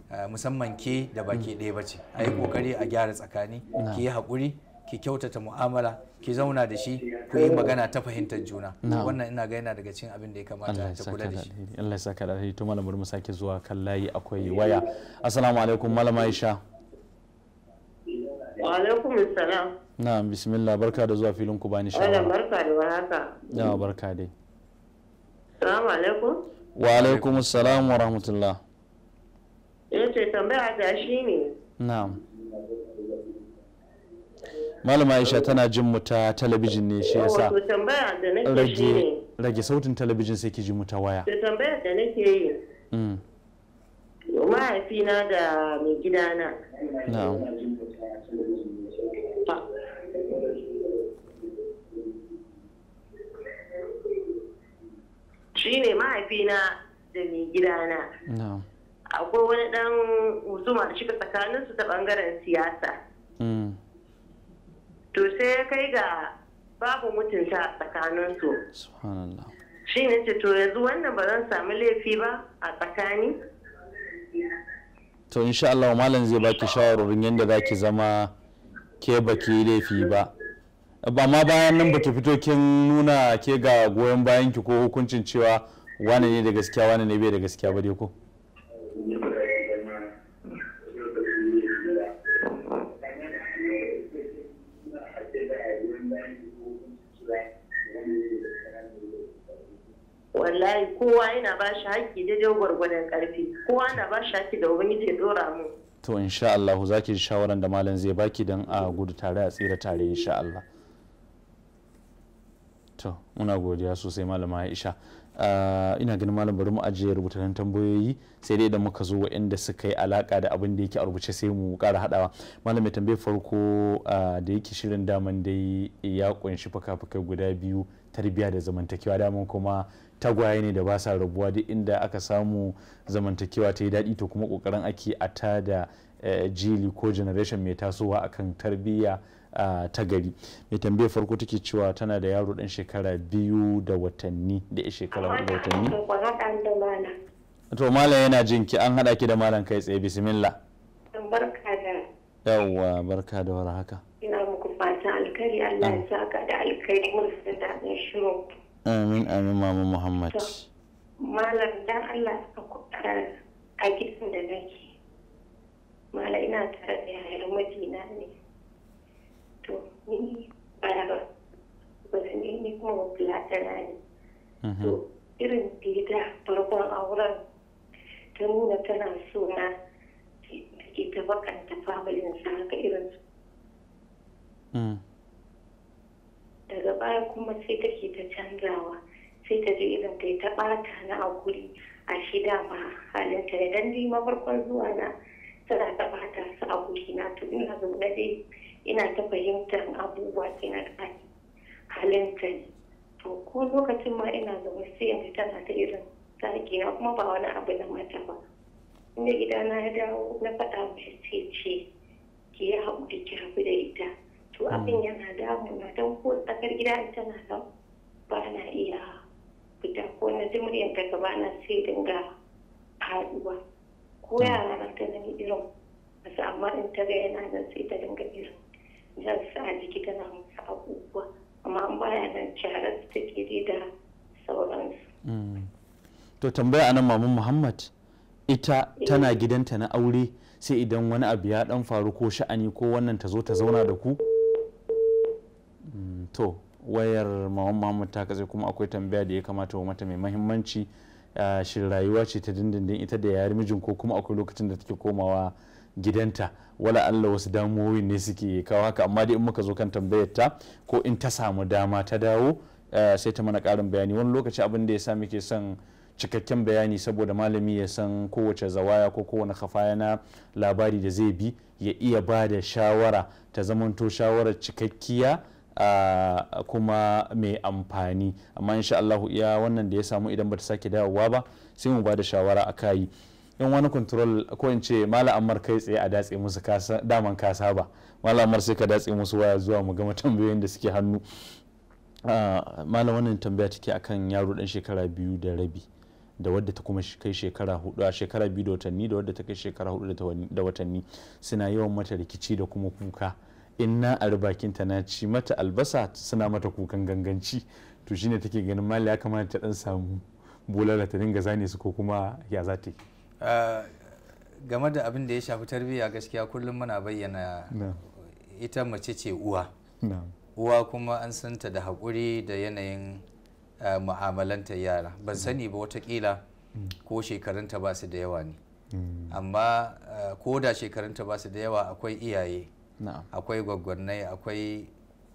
Speaker 3: ah, musamman ke da baki mm. ɗaya bace a yi kokari a gyara tsakani ki yi haƙuri ki kyautata mu'amala ki zauna da shi ku yi magana ta fahimtar juna wannan ina ga yana daga cikin abin da ya kamata ta kula da shi
Speaker 2: Allah ya saka da alheri to malamar mu sake zuwa kan layi akwai waya assalamu alaikum malama Aisha
Speaker 5: wa alaikum assalam
Speaker 2: na'am bismillah barka da zuwa filin ku bani shawara
Speaker 5: barka da warhaka Na'am, barka dai assalamu alaikum
Speaker 2: wa alaikum assalam wa rahmatullah
Speaker 5: yace eh, tambaya ta shine
Speaker 2: na'am malama aisha tana jin mu ta talabijin ne shi yasa
Speaker 5: oh, rage
Speaker 2: rage sautin talabijin sai ki ji mu ta waya Da
Speaker 5: tambayar da nake yi mm. mahaifina da mai gidana na'am shi ne mahaifina da mai gidana akwai wani dan husuma cika shiga tsakaninsu ta bangaren siyasa mm. to sai ya kai ga babu mutunta a tsakaninsu shi ne ce to yanzu wannan ba zan samu laifi ba a tsakani
Speaker 2: to insha Allah malam zai baki shawarorin yadda za ki zama ke baki laifi ba ba ma bayan nan baki fito kin nuna ke ga goyon bayan ki ko hukuncin cewa wane ne da gaskiya wane ne bai da gaskiya ba dai ko
Speaker 5: wallahi kowa yana ba shi haƙƙi daidai gwargwadon ƙarfi kowa na ba shi haƙƙi da ubangiji ya dora mu
Speaker 2: to insha Allah za ki shawaran da malam zai baki don a gudu tare a tsira tare insha Allah to muna godiya sosai malama Aisha ah, ina ganin malam bari mu ajiye rubutanen tambayoyi sai dai da muka zo waɗanda suka yi alaka da abin da yake a rubuce sai mu kara haɗawa malam mai tambaye farko ah, da yake shirin daman dai ya kunshi fuka-fukai guda biyu tarbiyya da zamantakewa daman kuma tagwaye ne da ba sa rabuwa duk inda aka samu zamantakewa ta yi daɗi to kuma ƙoƙarin ake a ta da eh, jili ko generation mai tasowa akan tarbiyya ta gari mai tambayar farko take cewa tana da yaro ɗan shekara biyu da watanni da ya shekara da watanni to malam yana jin ki an haɗa ki da malam kai tsaye bismillah barka da yawwa barka da warhaka
Speaker 4: ina muku fatan alkhairi Allah ya saka da alkhairi mun san daɗin shirin
Speaker 2: amin amin mama muhammad
Speaker 4: malam dan allah a gidan da nake malam ina tare da yayar mijina ne to ni bara ba su ne ni kuma ba fulatana ne mhm. to irin da farkon auren ta nuna tana suna ke ta bakanta familin sa haka irin su mm. daga baya kuma sai take ta canzawa sai ta je irin ta ta bata na a guri a shida ma halinta da dan dai mafarkon zuwa na tana ta bata su a guri na to ina zaune dai ina ta fahimtar abubuwa sai na ƙaki halinta ne to ko lokacin ma ina zaune sai yanzu tana ta irin tsaki na kuma ba wani abu na mata ba inda na ya dawo na faɗa mai sai ce ki yi haƙuri ki rabu da ita to abin yana damuna don ko tsakar gida in tana nan ba na iya fita ko na ji muryar ta gaba na sai dinga haɗuwa ko yara na ta nan irin wasu amma in ta ga yana nan sai ta dinga irin zan sa a jiki tana musu abubuwa amma an baya nan sharar su take da
Speaker 2: sauransu. to tambaya anan maman muhammad ita tana gidanta na aure sai idan wani abu ya dan faru ko sha'ani ko wannan ta zo ta zauna da ku to wayar mamman ta katse kuma akwai tambaya da ya kamata wa mata mai mahimmanci shin rayuwa ce ta dindindin ita da yari mijin ko kuma akwai lokacin da take komawa gidanta wala Allah wasu damuwoyin ne suke kawo haka amma dai in muka zo kan tambayar ta ko in ta samu dama ta dawo sai ta mana karin bayani wani lokaci abin da ya sa muke son cikakken bayani saboda malami ya san kowace zawaya ko kowane kafaya na labari da zai bi ya iya ba da shawara ta zamanto shawarar cikakkiya kuma mai amfani amma insha Allah iya wannan da ya samu idan bata sake dawowa ba sai mu ba da shawara a kai in wani control ko in ce mala amar kai tsaye a datse musu daman kasa ba mala amar sai ka datse musu waya zuwa mu gama tambayoyin da suke hannu mala wannan tambaya take akan yaro dan shekara biyu da rabi da wadda ta kuma kai shekara hudu a shekara biyu da watanni da wadda ta kai shekara hudu da watanni suna yawan mata rikici da kuma kuka in na ari bakinta na ci mata albasa suna mata kukan ganganci to shine take ganin mali ya kamata ta dan samu bulala ta dinga zane su ko kuma ya za ta
Speaker 3: ah, game da abin da ya shafi tarbiyya gaskiya kullum muna bayyana ita mace ce uwa uwa kuma an san ta da hakuri da yanayin ah, mu'amalanta yara ban sani ba wata kila mm. ko shekarunta ba su da yawa ne mm. amma ah, ko da shekarunta ba su da yawa akwai iyaye akwai gwaggwannai akwai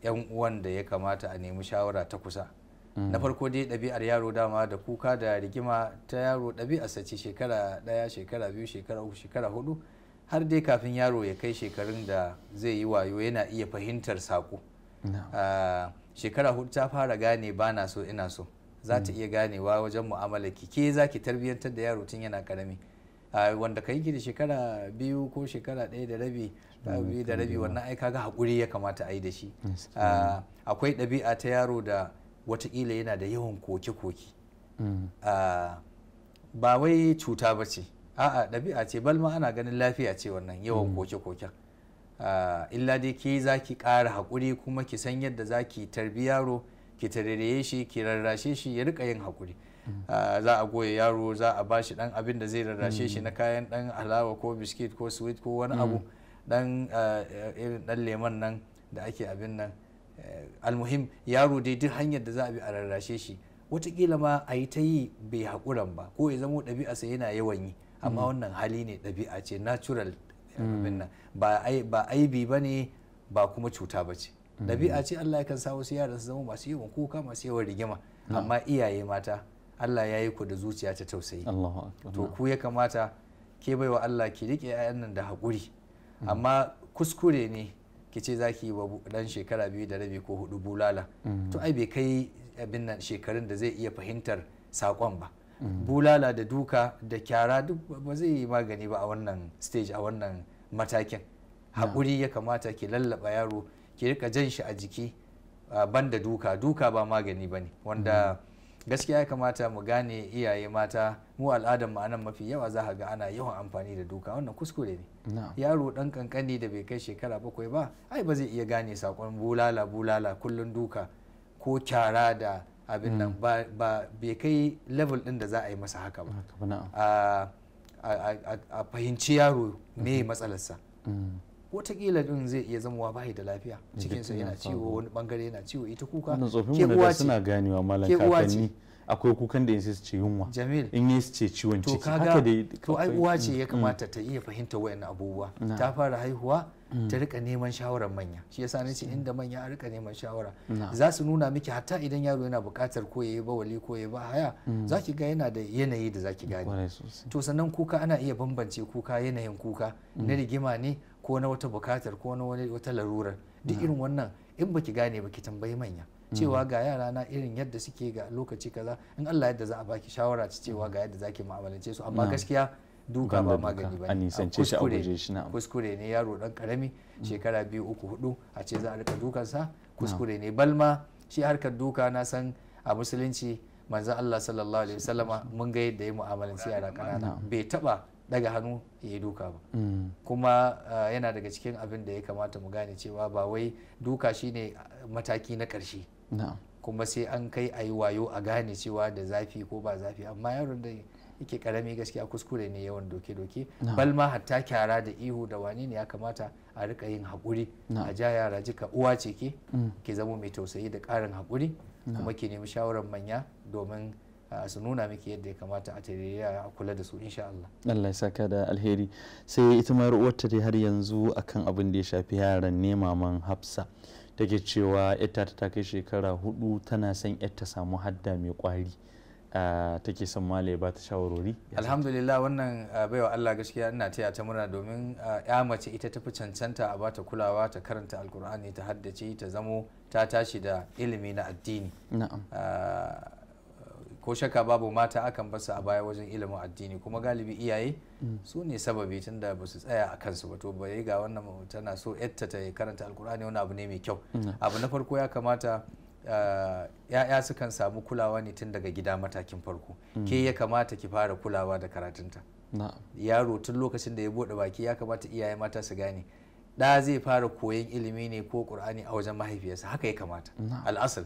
Speaker 3: yan uwan da ya kamata a nemi shawara ta kusa mm. na farko dai ɗabi'ar yaro dama da kuka da rigima ta yaro ɗabi'ar sace shekara ɗaya shekara biyu shekara uku shekara hudu har dai kafin yaro ya kai shekarun da zai yi wayo yana iya fahimtar saƙo ah, shekara hudu ta fara gane ba na so ina so za ta mm. iya ganewa wajen mu'amala ki ke za ki tarbiyyantar da yaro tun yana karami ah, wanda ka yi da shekara biyu ko shekara ɗaya da rabi biyu da rabi wannan ai kaga hakuri ya kamata a yi da shi ah, akwai ɗabi'a ta yaro da watakila yana da yawan koke-koke mm. ah, ba wai cuta ba ce a'a ɗabi'a ce balma ana ganin lafiya ce wannan yawan mm. koke-koken ah, illa dai ke za ki ƙara haƙuri kuma ki san yadda za ki tarbi yaro ki tarireye shi ki rarrashe shi ya rika yin hakuri. Mm. za a goya yaro za a bashi ɗan abin da zai rarrashe shi na kayan ɗan alawa ko biskit ko sweet ko wani abu dan eh, irin dan leman nan da ake abin nan eh, almuhim yaro dai duk hanyar da za a bi a rarrashe shi watakila ma a yi ta yi bai haƙuran ba ko ya zamo sai yana yawan yi amma mm. wannan hali ne ɗabi'a ce natural eh, mm. abin nan ba aibi ba ne ba kuma cuta ba ce mm. ɗabi'a ce Allah ya kan sa wasu yara su zama masu yawan kuka masu yawan rigima amma iyaye mata Allah ya yi ku da zuciya ta tausayi to ku ya kamata ke baiwa Allah ki riƙe 'ya'yan nan da haƙuri Mm. amma kuskure ne ki ce za ki yi wa dan shekara biyu da rabi ko hudu bulala mm. to ai bai kai abin nan shekarun da zai iya fahimtar sakon ba mm. bulala da duka da kyara duk ba zai yi magani ba a wannan stage a wannan matakin haƙuri ya kamata ki lallaba yaro ki rika jan shi a jiki ban da duka duka ba magani ba ne wanda gaskiya ya kamata mu gane iyaye mata mu al'adar mu mafi yawa za ga ana yawan amfani da duka wannan kuskure ne yaro dan kankani da bai kai shekara bakwai ba ai ba zai iya gane sakon bulala bulala kullun duka ko kyara da abin nan mm. ba bai kai level din da za a yi masa haka ba a fahimci yaro me mm. matsalarsa mm. watakila din zai iya zamowa bayi da lafiya cikinsa yana ciwo wani bangare yana ciwo ita kuka ke uwa ce
Speaker 2: akwai kukan da yanzu ce yunwa jamil in yi su ce ciwon ciki haka dai to ai uwa ce mm. ya mm. kamata
Speaker 3: ta iya fahimta wayannan abubuwa ta fara haihuwa mm. ta rika neman shawarar manya shi yasa ne ce inda manya a rika neman shawara za su nuna miki hatta idan yaro yana bukatar ko yayi bawali ko yayi ba haya za ki ga yana da yanayi da za ki gane to sannan kuka ana iya bambance kuka yanayin kuka na rigima ne ko na wata buƙatar ko na wani wata larurar duk irin wannan in baki gane baki tambayi manya cewa mm. ga yara na irin yadda suke ga lokaci kaza in Allah yadda za a baki shawara ci cewa ga yadda zaki mu'amalance su amma gaskiya duka ba magani ba ne kuskure ne yaro dan karami mm. shekara biyu uku hudu a ce za a rika sa kuskure ne balma shi harkar duka na san a musulunci manzo Allah sallallahu alaihi wasallama mun ga yadda ya mu'amalance yara kanana bai taba daga hannu ya yi duka ba mm. kuma yana daga cikin abin da ya kamata mu gane cewa ba wai duka shine mataki na karshe kuma sai an kai a wayo a gane cewa da zafi ko ba zafi amma yaron da yake karami gaskiya kuskure ne yawan doke-doke balma hatta kyara da ihu da wani ne ya kamata a rika yin haƙuri a ja yara jika uwa ce ke mm. ke zama mai tausayi da karin hakuri. kuma ke nemi shawarar manya domin su nuna miki yadda ya kamata a yara a kula da su insha Allah.
Speaker 2: Allah ya saka da alheri sai ita ma ruwarta dai har yanzu akan abin da ya shafi yaran ne maman Hafsa. take cewa ita ta ta kai shekara hudu tana son ta samu hadda mai kwari ah, take son male ba ta shawarwari
Speaker 3: alhamdulillah wannan ah, baiwa allah gaskiya ina taya ta murna domin ah, ya mace ita tafi cancanta a bata kulawa ta karanta alkur'ani ta haddace ta zamo ta tashi da ilimi na addini ko shaka babu mata akan basu a baya wajen ilimin addini kuma galibi iyaye mm. su ne sababi tun da ba su tsaya a kansu ba to bai ga wannan tana so yatta ta karanta alkur'ani wani abu ne mai kyau mm. abu na farko ya kamata eh, ya su kan samu kulawa ne tun daga gida matakin farko mm. ke ya kamata ki fara kulawa da karatunta yaro tun lokacin da ya bude baki ya kamata iyaye mata su gane da zai fara koyan ilimi ne ko qur'ani a wajen mahaifiyarsa haka ya kamata al'asal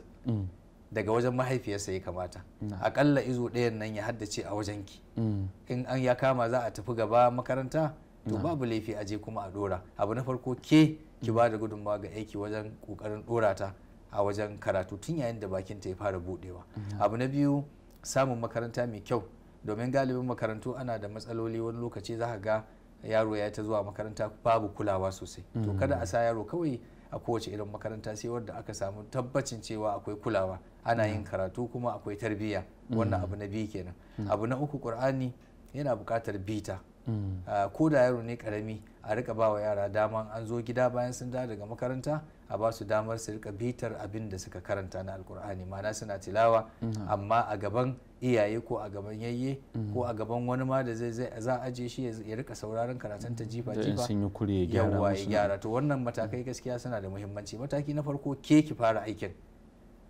Speaker 3: daga wajen mahaifiyarsa ya kamata akalla izo ɗayan nan ya haddace a wajen ki mm. in an ya kama za a tafi gaba makaranta to babu laifi a je kuma a dora abu na farko ke ki ba da gudunmawa ga aiki wajen kokarin dora ta a wajen karatu tun yayin da bakin ta ya fara buɗewa. abu na biyu samun makaranta mai kyau domin galibin makarantu ana da matsaloli wani lokaci za ga yaro ya ta zuwa makaranta babu kulawa sosai to mm. kada a sa yaro kawai a kowace irin makaranta sai wadda aka samu tabbacin cewa akwai kulawa ana yin karatu kuma akwai tarbiyya wannan abu na biyu kenan abu na uku qur'ani yana buƙatar bita mm. ah, ko da yaro ne karami a rika ba wa yara dama an zo gida bayan sun dawo daga makaranta a ba su damar su rika bitar abin da suka karanta na alkur'ani ma'ana suna tilawa mm-hmm. amma a gaban iyaye ko a gaban yayye mm. ko a gaban wani ma da zai za aje shi ya rika sauraron karatun ta jifa jifa yawwa ya gyara to wannan matakai gaskiya suna da muhimmanci mataki na farko ke ki fara aikin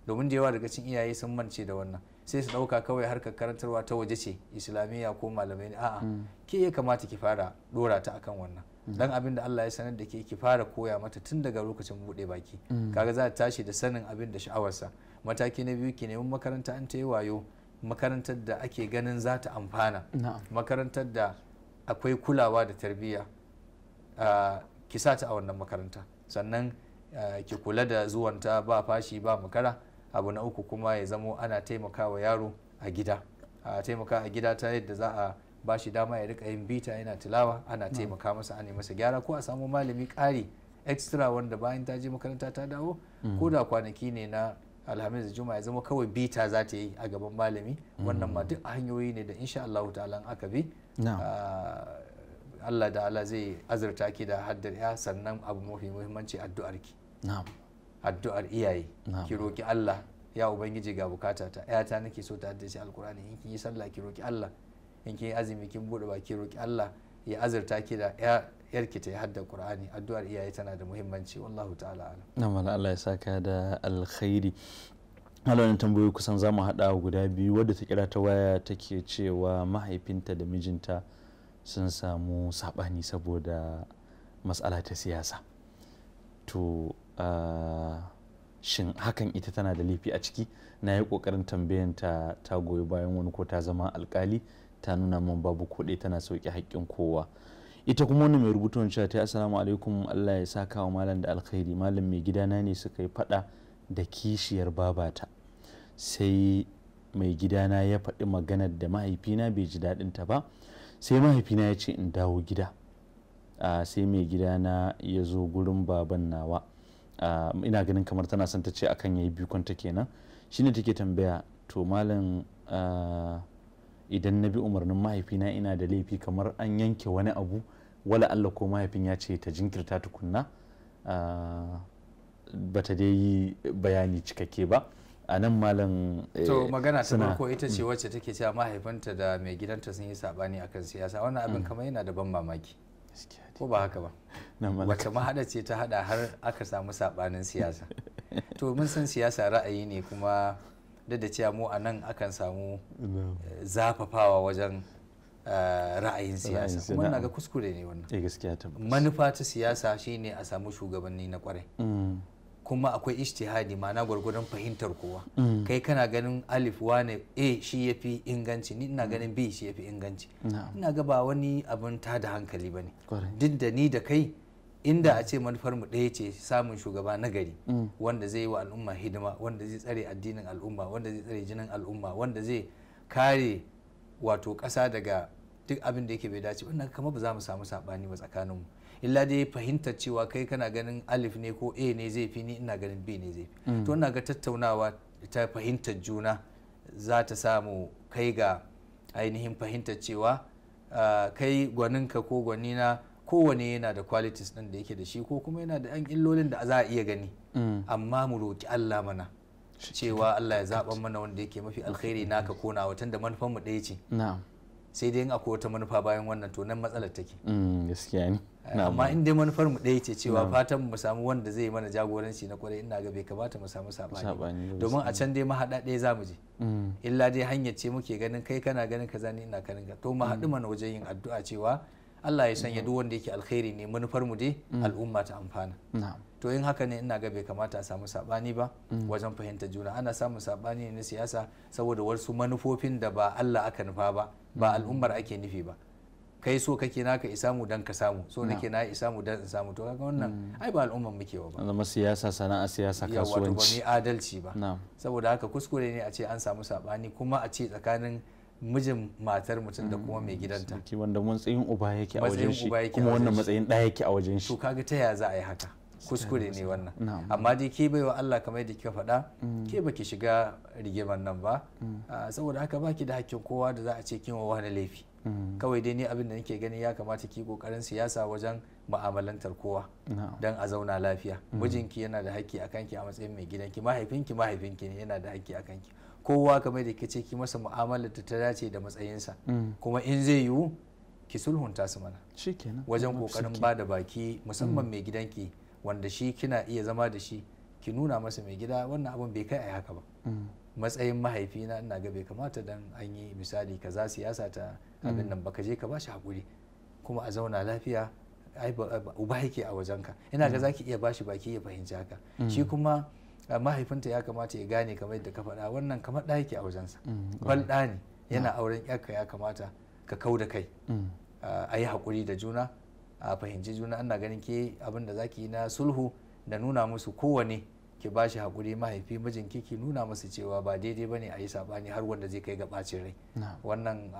Speaker 3: domin da yawa daga cikin iyaye sun mance da wannan sai su ɗauka kawai harkar karantarwa ta waje ce islamiyya ko malamai a'a hmm. ke ya kamata ki fara dora ta akan wannan hmm. dan abin da Allah ya sanar da ke ki fara koya mata tun daga lokacin bude baki hmm. kaga za ta tashi da sanin abin da sha'awarsa mataki na biyu ki neman makaranta an ta yi wayo makarantar da ake ganin za ta amfana makarantar da akwai kulawa da tarbiyya ki sa ta a wannan makaranta sannan ki kula da zuwanta ba fashi ba makara abu na uku kuma ya zamo ana taimakawa yaro a gida a taimaka a gida ta yadda za a ba shi dama ya rika yin bita yana tilawa ana mm. taimaka masa ana masa gyara ko a samu malami kari extra wanda bayan ta je makaranta ta dawo mm. ko da kwanaki ne na alhamis da juma'a ya zama kawai bita za ta yi a gaban malami mm. wannan ma duk hanyoyi ne da insha Allah ta'ala aka bi Allah da Allah zai azurta ki da haddar ya sannan abu mafi muhimmanci addu'ar ki na'am addu'ar iyaye ki roki Allah ya ubangiji ga bukatata yata nake so ta haddace alkur'ani in kin yi sallah ki roki Allah in kin yi azumi kin bude baki roki Allah ya azurta ki da yarki ta yi hadda qur'ani addu'ar iyaye tana da muhimmanci wallahu ta'ala
Speaker 2: alam Allah ya saka da alkhairi halin tambayoyi kusan za mu haɗa guda biyu wadda ta kira ta waya take cewa mahaifinta da mijinta sun samu saɓani saboda matsala ta siyasa to Ah, shin hakan ita tana da laifi a ciki na yi kokarin tambayan ta ta goyi bayan wani ko ta zama alkali ta nuna min babu kuɗi tana sauki haƙƙin kowa ita kuma wani mai rubutun wancan ta assalamu alaikum Allah ya sa kawo malam da alkhairi malam mai gidana ne suka yi faɗa da kishiyar babata sai mai gidana ya faɗi maganar da mahaifina bai ji daɗin ta ba sai mahaifina ya ce in dawo gida ah, sai mai gidana ya zo gurin baban nawa Um, ina ganin kamar tana son ta ce akan yayi bikon ta kenan shine take tambaya to malam uh, idan na bi umarnin mahaifina ina da laifi kamar an yanke wani abu wala Allah ko mahaifin ya ce ta jinkirta tukunna uh, ba ta dai yi bayani cikakke ba a nan malam eh, to magana ta farko ita ce
Speaker 3: mm. wacce take cewa mahaifinta da mai gidanta sun yi sabani akan siyasa wannan abin mm. kamar yana da ban mamaki ko ba haka ba wata mahada ce ta hada har aka samu sabanin siyasa to mun san siyasa ra'ayi ne kuma duk da cewa mu a nan akan samu
Speaker 2: eh,
Speaker 3: zafafawa wajen eh, ra'ayin siyasa kuma na ga kuskure ne wannan eh, manufa ta siyasa shine a samu shugabanni na kwarai mm. kuma akwai ijtihadi ma'ana gwargwadon fahimtar kowa mm. kai kana ganin alif wane a shi ya fi inganci ni ina ganin b shi ya fi inganci ina ga ba wani abin ta da hankali ba ne duk da ni da kai inda mm. a ce manufar mu ɗaya ce samun shugaba na gari mm. wanda zai yi wa al'umma hidima wanda zai tsare addinin al'umma wanda zai tsare jinin al'umma wanda zai kare wato ƙasa daga duk abin da yake bai dace wannan kamar ba za mu samu saɓani ba tsakaninmu illa dai fahimtar cewa kai kana ganin alif ne ko a ne zai fi ni ina ganin b ne zai fi mm. to ina ga tattaunawa ta fahimtar juna za ta samu kai ga ainihin fahimtar cewa kai gwaninka ko gwanina kowane yana da qualities ɗin da yake da shi ko kuma yana da 'yan illolin da za a iya gani mm. amma mu roki Allah mana cewa Allah ya zaɓan mana wanda yake mafi alkhairi naka ko na watan da manufan mu ɗaya ce sai dai in akwai wata manufa bayan wannan to nan matsalar take
Speaker 6: mm, gaskiya ne amma in dai
Speaker 3: manufar mu ɗaya ce cewa fatan mu samu wanda zai mana jagoranci na kwarai ina ga bai kamata mu samu sabani domin a can dai haɗa ɗaya za je mm. illa dai hanyar ce muke ganin kai kana ganin kaza ni ina ganin ka to mu haɗu mm. mana wajen yin addu'a cewa Allah ya sanya duk wanda yake alkhairi ne manufar mu dai mm. al'umma ta amfana to in haka ne ina ga bai kamata a samu sabani ba wajen fahimtar juna ana samun sabani ne na siyasa saboda wasu manufofin da ba Allah aka nufa ba ba al'ummar ake nufi ba kai so kake na ka isamu dan ka samu so nake na isamu dan in samu to kaga wannan mm. ai ba al'umman muke ba
Speaker 2: ba zama siyasa sana'a siyasa kasuwanci wato ba ni
Speaker 3: adalci ba saboda haka kuskure ne a ce an samu sabani kuma a ce tsakanin mijin matar mutum da kuma mm. mai gidanta
Speaker 2: wanda tsayin uba yake a wajen shi kuma wannan matsayin ɗaya yake a
Speaker 3: wajen shi to kaga ta ya za a yi haka kuskure ne wannan amma dai ke baiwa Allah kamar yadda kika faɗa mm. ke baki shiga rigimar nan ba ah, saboda haka baki da hakkin kowa da za a ce kin wa wani laifi kawai dai ni abin da nake ganin ya kamata ki kokarin siyasa wajen ma'amalantar kowa don a zauna lafiya mm. mijinki yana da hakki akan ki a matsayin mai gidanki mahaifinki mahaifinki ne yana da haƙƙi akan ki kowa kamar da kace ki masa mu'amalar da ta dace da matsayinsa mm. kuma in zai yiwu ki sulhunta su mana wajen kokarin ba da baki musamman mm. mai gidanki wanda shi kina iya zama da shi ki nuna masa mai gida wannan abin bai kai a haka ba matsayin mahaifina ina ga bai kamata dan an yi misali kaza siyasa ta abin mm. nan baka je ka ba shi hakuri kuma a zauna lafiya uba yake a wajenka ina ga mm. zaki iya ba bashi baki ya fahimci haka mm. shi kuma mahaifinta ya kamata ya gane kamar yadda ka faɗa wannan kamar ɗa yake a wajensa bal ɗa ne ah. yana auren yarka ya kamata ka kau da kai a yi haƙuri da juna a fahimci juna ana ganin ke abin da zaki yi na sulhu da nuna musu kowane ki ba shi haƙuri mahaifi mijinki ki nuna masa cewa ba daidai ba ne a yi saɓani har wanda zai kai ga ɓacin rai wannan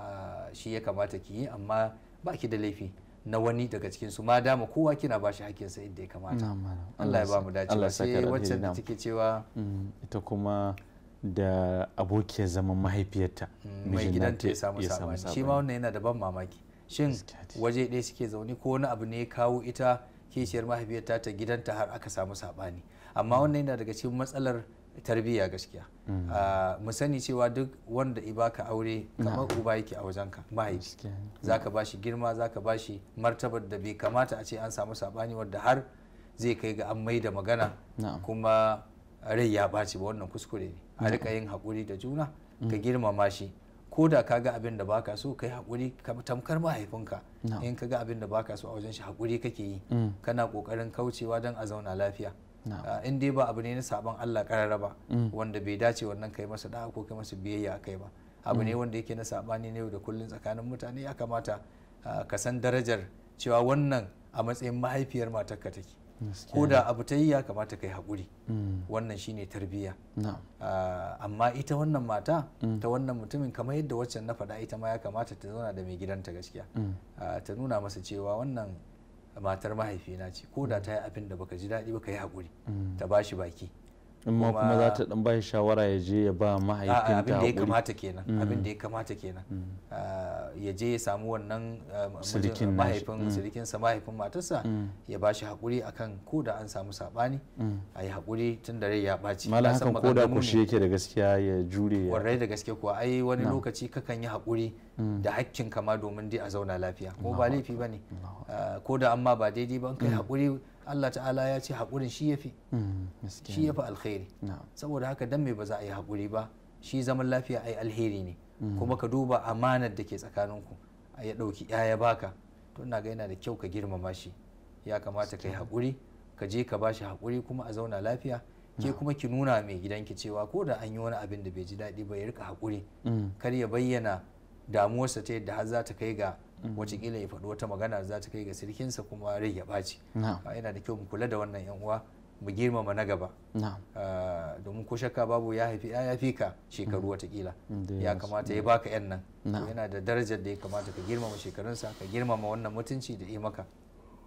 Speaker 3: shi ya kamata ki yi amma ba ki da laifi na wani daga cikin su ma dama kowa kina ba shi hakinsa inda ya kamata Allah ya ba mu ba sai wacce da take cewa
Speaker 2: mm, ita kuma da abokiyar zaman mahaifiyarta mm, mai gidanta ya samu saɓani shi ma
Speaker 3: wannan yana da ban mamaki shin waje ɗaya suke zaune ko wani abu ne ya kawo ita kishiyar mahaifiyarta ta gidanta har aka samu saɓani amma wannan yana daga cikin matsalar tarbiyya gaskiya mm. ah, mu sani cewa duk wanda i baka aure kamar uba yake a wajenka mahaifi mm. zaka bashi girma zaka bashi martabar da bai kamata a ce an samu saɓani wanda har zai kai ga an maida magana kuma rai ya ba wannan kuskure ne a rika yin hakuri da juna ka mm. girmama shi ko da ka ga abin da baka so kai haƙuri ka tamkar mahaifinka in ka ga abin da baka so a wajen shi haƙuri kake yi mm. kana ƙoƙarin kaucewa don a zauna lafiya ah, in dai ba abu ne na saban Allah karara ba mm. wanda bai dace wannan kai masa da'a ko kai masa biyayya kai ba abu ne mm. wanda yake na sabani ne da kullun tsakanin mutane ya kamata ah, ka san darajar cewa wannan a matsayin mahaifiyar matarka take ko da abu ta yi ya kamata kai haƙuri mm. wannan shine tarbiyya ah, amma ita wannan mata mm. ta wannan mutumin kamar yadda waccan na faɗa ita ma ya kamata ta zauna da mai gidanta gaskiya mm. ah, ta nuna masa cewa wannan matar mahaifina ce ko da ta yi abin da baka ji daɗi baka yi haƙuri ta bashi baki ma kuma za ta
Speaker 2: dan bashi shawara ya je ya ba mahaifinta mm. abin da ya kamata kenan abin da ya
Speaker 3: kamata kenan ya je ya samu wannan ah, mahaifin mm. sirikin sa mahaifin matarsa mm. ya bashi hakuri akan ko da an samu sabani a yi hakuri tun da rai ya baci malam hakan ko da kushi yake
Speaker 2: da gaskiya ya jure ya. warai
Speaker 3: da gaske kuwa ai wani lokaci kakan yi hakuri da hakkin kama domin dai a zauna lafiya ko ba laifi bane ah, ko da amma ba daidai ba kai hakuri Allah ta'ala ya ce haƙurin shi ya fi.
Speaker 6: Hmm, shi fi
Speaker 3: alkhairi saboda haka dan me ba za a yi haƙuri ba shi zaman lafiya ai alheri ne hmm. kuma ka duba amanar da ke tsakaninku a ya ɗauki ya baka to ina ga yana da kyau ka girmama shi ya kamata ka yi haƙuri ka je ka bashi haƙuri kuma a zauna lafiya ke kuma ki nuna mai gidanki cewa ko da an yi wani abin da bai ji daɗi ba ya rika haƙuri hmm. kar ya bayyana damuwarsa ta yadda har za ta kai ga Watakila mm. ya faɗi wata magana za ta kai ga sirkinsa kuma rai ya ɓaci yana da kyau mu kula da wannan yan uwa mu girmama na gaba ah, domin ko shakka babu ya haifi ya fi ka shekaru mm. watakila ya kamata ya baka yan nan yana da darajar da ya kamata ka girmama shekarunsa ka girmama wannan mutunci da ya maka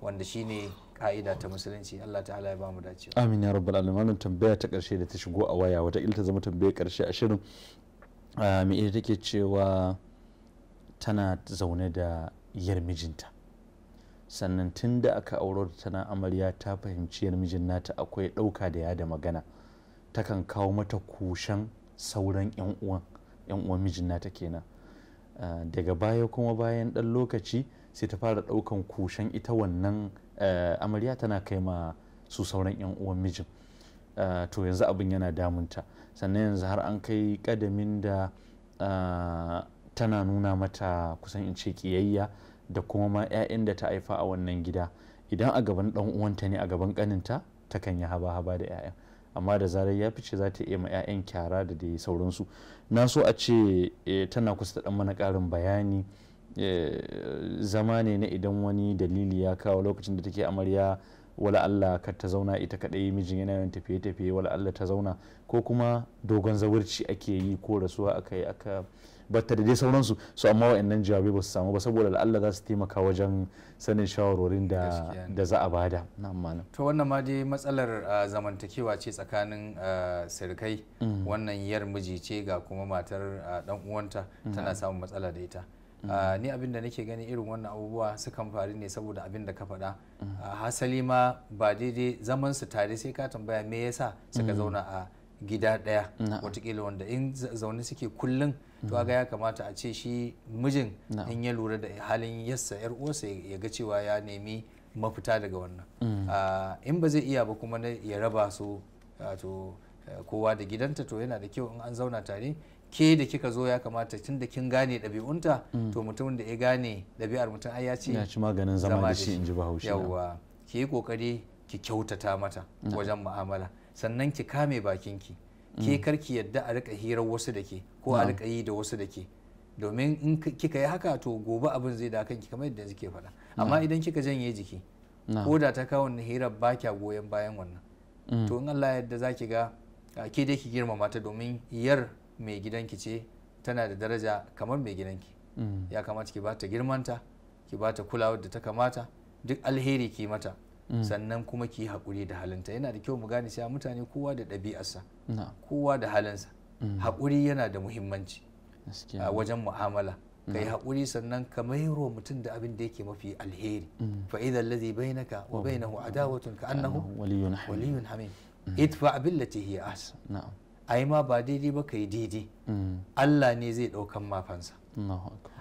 Speaker 3: wanda shine ka'ida ta musulunci Allah ta'ala ya bamu dace amin
Speaker 2: ya rabbal alamin wannan tambaya ta karshe da ta shigo a waya wata ta zama tambaya karshe a shirin ah, me ita take cewa tana zaune da yar mijinta sannan tun da aka auro da tana amarya ta fahimci yar mijin nata akwai ɗauka da ya da magana takan kawo mata kushen sauran 'yan uwan mijin nata kenan ah, daga baya kuma bayan ɗan lokaci sai ta fara ɗaukan kushen ita wannan eh, amarya tana kai ma su sauran 'yan uwan mijin ah, to yanzu abin yana damunta sannan yanzu har an kai ƙadamin da ah, tana nuna mata kusan in ce kiyayya da kuma ma 'ya'yan da ta haifa a wannan gida idan a gaban dan uwanta ne a gaban kaninta ta kan yi haba haba da 'ya'yan amma da zarar ya fice za ta iya ma 'ya'yan kyara da dai sauransu na so a ce eh, tana kusa da dan mana karin bayani eh, zama ne na idan wani dalili ya kawo lokacin da take amarya wala Allah ka ta zauna ita kadai mijin yana yin tafiye-tafiye wala Allah ta zauna ko kuma dogon zawarci ake yi ko rasuwa aka yi aka batta da dai sauransu su amma wa'annan jawabai ba su samu ba saboda da Allah za su taimaka wajen sanin shawarorin da za a bada
Speaker 3: to wannan ma dai matsalar zamantakewa ce tsakanin sirkai mm. wannan yar miji ce ga kuma matar dan uwanta mm. tana samun matsala da ita mm. ni abin da nake gani irin wannan abubuwa sukan faru ne saboda abin da ka faɗa hasali ma ba daidai zaman su tare sai ka tambaya me yasa suka zauna a gida ɗaya watakila wanda in zaune suke kullum to ga ya kamata a ce shi mijin in ya lura da halin yassa yar uwarsa ya ga cewa ya nemi mafita daga wannan mm. ah, in ba zai iya ba kuma ya raba su ah, to eh, kowa da gidanta to yana da kyau in an zauna tare ke da kika zo ya kamata tun da kin gane ɗabi'unta mm. to mutumin da ya gane ɗabi'ar mutum ai ya ce ya ci
Speaker 2: maganin zama da shi in ji bahaushe yawwa
Speaker 3: ki yi kokari ki kyautata mata wajen mu'amala sannan ki kame bakin mm. ki. ke karki yadda a rika hirar wasu da ke ko a rika yi da wasu da ke domin in kika yi haka to gobe abin zai da ki kamar yadda kike faɗa amma idan kika janye jiki ko da ta kawo hirar ba kya goyon bayan wannan mm. to in Allah yadda za ki ga ke dai ki girmama ta domin yar mai gidanki ce tana da daraja kamar mai gidanki mm. ya kamata ki ba ta girmanta ki ba ta kulawar da ta kamata duk alheri ki mata Mm. sannan kuma ki hakuri da halinta yana da kyau mu gane cewa mutane kowa da ɗabi'arsa kowa da halinsa mm. haƙuri yana da muhimmanci a wajen mu'amala ka yi haƙuri sannan ka mairo mutum da abin da yake mafi alheri mm. fa idza allazi bainaka wa bainahu adawatun ka annahu
Speaker 6: waliyyun
Speaker 3: hamim idfa billati hiya ahsan ai ma ba daidai ba ka daidai Allah ne zai ɗaukan mafansa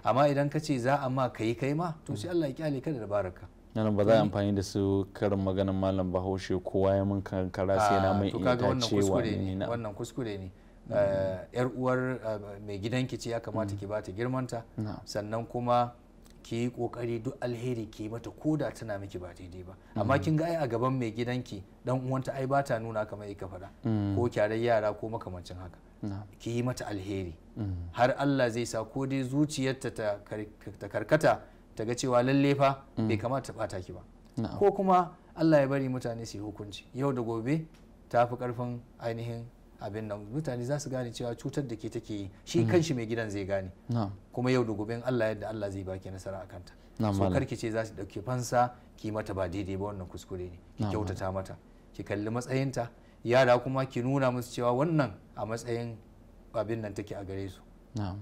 Speaker 3: amma idan ka ce za a ma ka kai ma to sai Allah ya kyale ka da dabararka
Speaker 2: nan ba za a mm. amfani da su karin maganin malam bahaushe kowa ya mun kankara sai na ah, mai iya tacewa ne wannan
Speaker 3: kuskure ne mm. eh, yar uwar eh, mai gidanki ce ya kamata mm. ki bata girmanta sannan kuma ki yi kokari duk alheri ki mata koda tana miki ba daidai ba amma kin ga ai a gaban mai gidanki dan uwanta ai bata nuna kamar ka faɗa ko kyarar yara ko makamancin haka ki yi mata alheri har Allah zai sa ko dai zuciyarta ta karkata ta ga cewa lalle fa mm. bai kamata ta bata ki ba ko kuma Allah ya bari mutane su yi hukunci yau da gobe ta fi karfin ainihin abin nan mutane za su gane cewa cutar da ke take yi shi mm. kan shi mai gidan zai gane kuma yau da gobe Allah yadda Allah zai baki nasara a kanta so karki ce za su dauke fansa ki mata ba daidai ba wannan kuskure ne ki kyautata mata ki kalli matsayinta yara kuma ki nuna musu cewa wannan a matsayin abin nan take a gare su da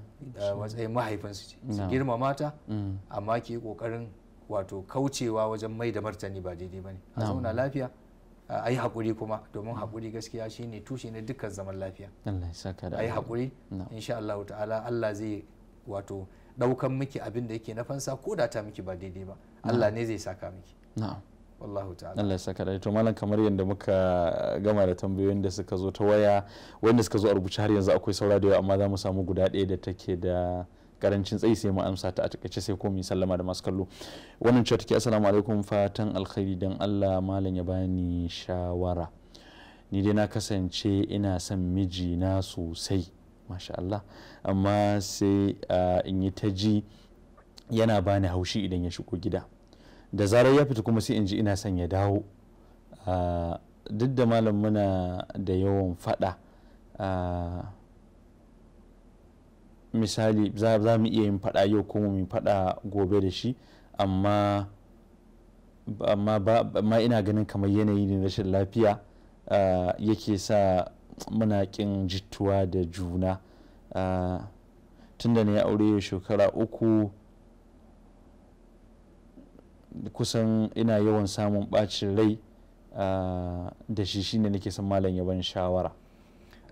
Speaker 3: matsayin mahaifinsu ce su girmama ta mm. amma ke kokarin wato kaucewa wajen mai da martani ba daidai ba ne a zauna lafiya a yi haƙuri kuma domin haƙuri gaskiya shine tushe na dukkan zaman lafiya a yi haƙuri insha Allah ta'ala Allah zai wato ɗaukan miki abin da yake na fansa ko da ta miki ba daidai ba Allah ne zai saka miki wallahu ta'ala Allah
Speaker 2: ya saka dai to malam kamar yanda muka gama da tambayoyin da suka zo ta waya wanda suka zo a rubuce har yanzu akwai saura da yawa amma za mu samu guda ɗaya da take da karancin tsayi sai mu amsa ta a takaice sai ko mu sallama da masu kallo wannan cewa take assalamu alaikum fatan alkhairi dan Allah malam ya bani shawara ni dai na kasance ina son miji na sosai masha Allah amma sai ah, in yi ta ji yana bani haushi idan ya shigo gida da zarar ya fita kuma sai in ji ina son ya dawo ah, duk da malam muna da yawan fada ah, misali za mu iya yin fada yau kuma mu fada gobe da shi amma amma ina ganin kamar yanayi ne rashin lafiya ah, yake sa muna kin jituwa da juna tunda ne ya aure shekara uku kusan ina yawan samun bacin rai ah, da shi shine nake son malam ya ban shawara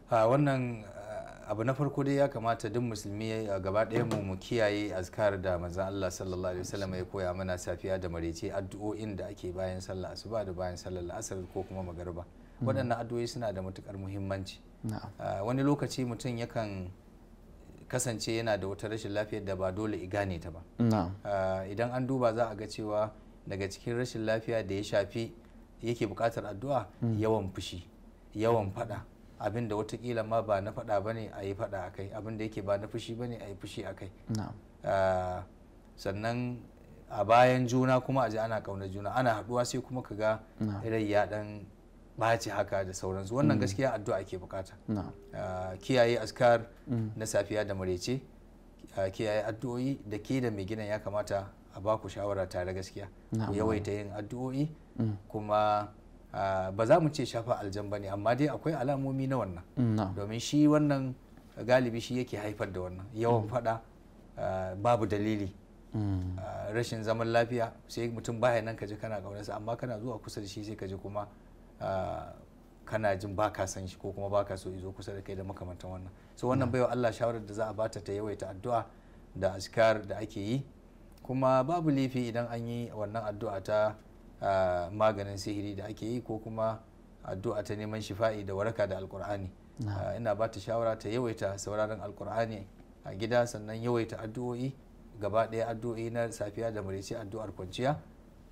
Speaker 3: a wannan ah, abu na farko dai ya kamata duk musulmi ah, gaba ɗaya mu mu kiyaye azkar da manzon Allah sallallahu alaihi wasallam ya koya mana safiya da marece addu'o'in da ake bayan sallah asuba da bayan sallar la'asar ko kuma magariba mm. waɗannan addu'o'i suna da matukar muhimmanci wani lokaci mutum yakan kasance yana da wata rashin lafiyar da ba dole i gane ta ba ah, idan an duba za a ga cewa daga cikin rashin lafiya da ya shafi yake buƙatar addu'a hmm. yawan fushi yawan faɗa abin da watakila ma ba na faɗa bane a yi faɗa a kai abin da yake ba na fushi bane a yi fushi akai kai ah, sannan a bayan juna kuma a ji ana ƙaunar juna ana haɗuwa sai kuma ka ga rai ya ɓaci haka da sauransu wannan mm. gaskiya addu'a ke bukata kiyaye askar mm. na safiya da marece kiyaye addu'o'i da ke da mai gidan ya kamata a ba ku shawara tare gaskiya yawaita yin addu'o'i mm. kuma ba za mu ce shafa aljan ba ne amma dai akwai alamomi na wannan domin shi wannan galibi shi yake haifar da wannan yawan fada babu dalili rashin zaman lafiya sai mutum baya nan ka ji kana kaunarsa amma kana zuwa kusa da shi sai ka je kuma kana jin ba ka san shi ko kuma ba ka so izo kusa da kai da makamantan wannan so wannan baiwa Allah shawarar da za a bata ta yawaita addu'a da askar da ake yi kuma babu laifi idan an yi wannan addu'a ta maganin sihiri da ake yi ko kuma addu'a ta neman shifa'i da waraka da alkur'ani ina ba ta shawara ta yawaita sauraron alkur'ani a gida sannan yawaita addu'o'i gaba ɗaya addu'o'i na safiya da murici addu'ar kwanciya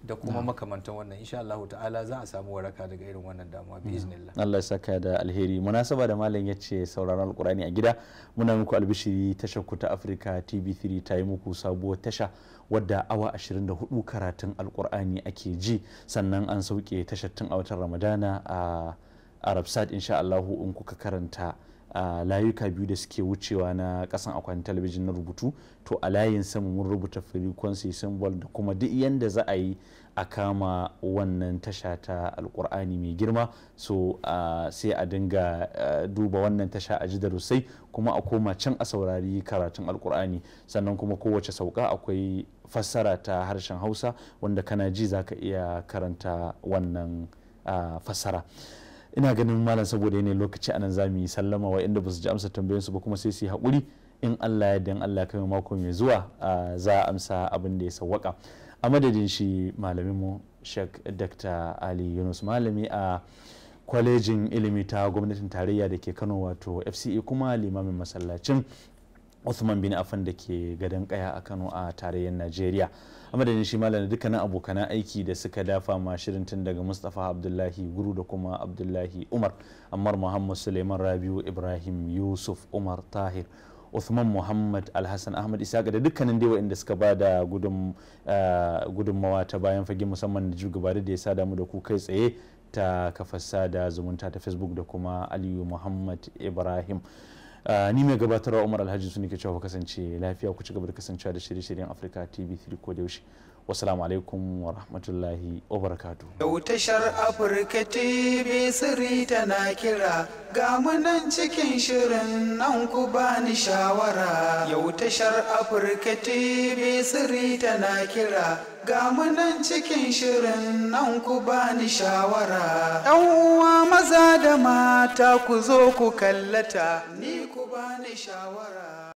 Speaker 3: da kuma makamantan wannan insha Allah ta'ala za a samu waraka daga irin wannan damuwa bi iznillah
Speaker 2: Allah ya saka da alheri munasaba da malam yace sauraron alqurani a gida muna muku albishiri tashar ku ta Africa TV3 ta yi muku sabuwar tasha wadda awa 24 karatun alkur'ani ake ji sannan an sauke tashar tun a watan Ramadana a Arab Sad insha Allah in kuka karanta layuka biyu da suke wucewa na kasan akwai talabijin na rubutu to a layin sama mun rubuta frequency symbol da kuma duk yadda za a yi a kama wannan tasha ta alkur'ani mai girma so sai a dinga duba wannan tasha a ji da rusai kuma a koma can a saurari karatun alkur'ani sannan kuma kowace sauka akwai fassara ta harshen hausa wanda kana ji za ka iya karanta wannan fassara. ina ganin malam saboda yanayin lokaci anan za mu yi sallama wa inda ba su ji amsa su ba kuma sai su yi haƙuri in Allah ya dan Allah kai mako mai zuwa za a amsa abin da ya sawwaka a madadin shi malamin mu Sheikh Dr. Ali Yunus malami a kwalejin ilimi ta gwamnatin tarayya da ke Kano wato FCE kuma limamin masallacin Usman bin Affan da ke gadon kaya a Kano a tarayyar Najeriya. A madadin shi malam da dukkanin abokan aiki da suka dafa ma shirin tun daga Mustapha Abdullahi Guru da kuma Abdullahi Umar, Ammar Muhammad Suleiman Rabiu Ibrahim Yusuf Umar Tahir. usman Muhammad Alhassan Ahmad Isaka da dukkanin dai inda suka ba da eh, gudunmawa ta bayan fage musamman da shugaba da ya sada mu da ku kai tsaye ta kafar sada zumunta ta Facebook da kuma Aliyu Muhammad Ibrahim. Ah, ni mai gabatarwa umar alhaji suna ke cewa kasance lafiya ku ci gaba da kasancewa da shirye-shiryen afirka tv 3 ko da yaushe wasalamu alaikum wa rahmatullahi wa barakatu
Speaker 1: yau tashar afirka tv sirri tana kira ga munan cikin shirin nan ku bani shawara yau tashar afirka tv sirri tana kira ga munan cikin shirin nan ku bani shawara yan uwa maza da mata ku zo ku kallata ni ku bani shawara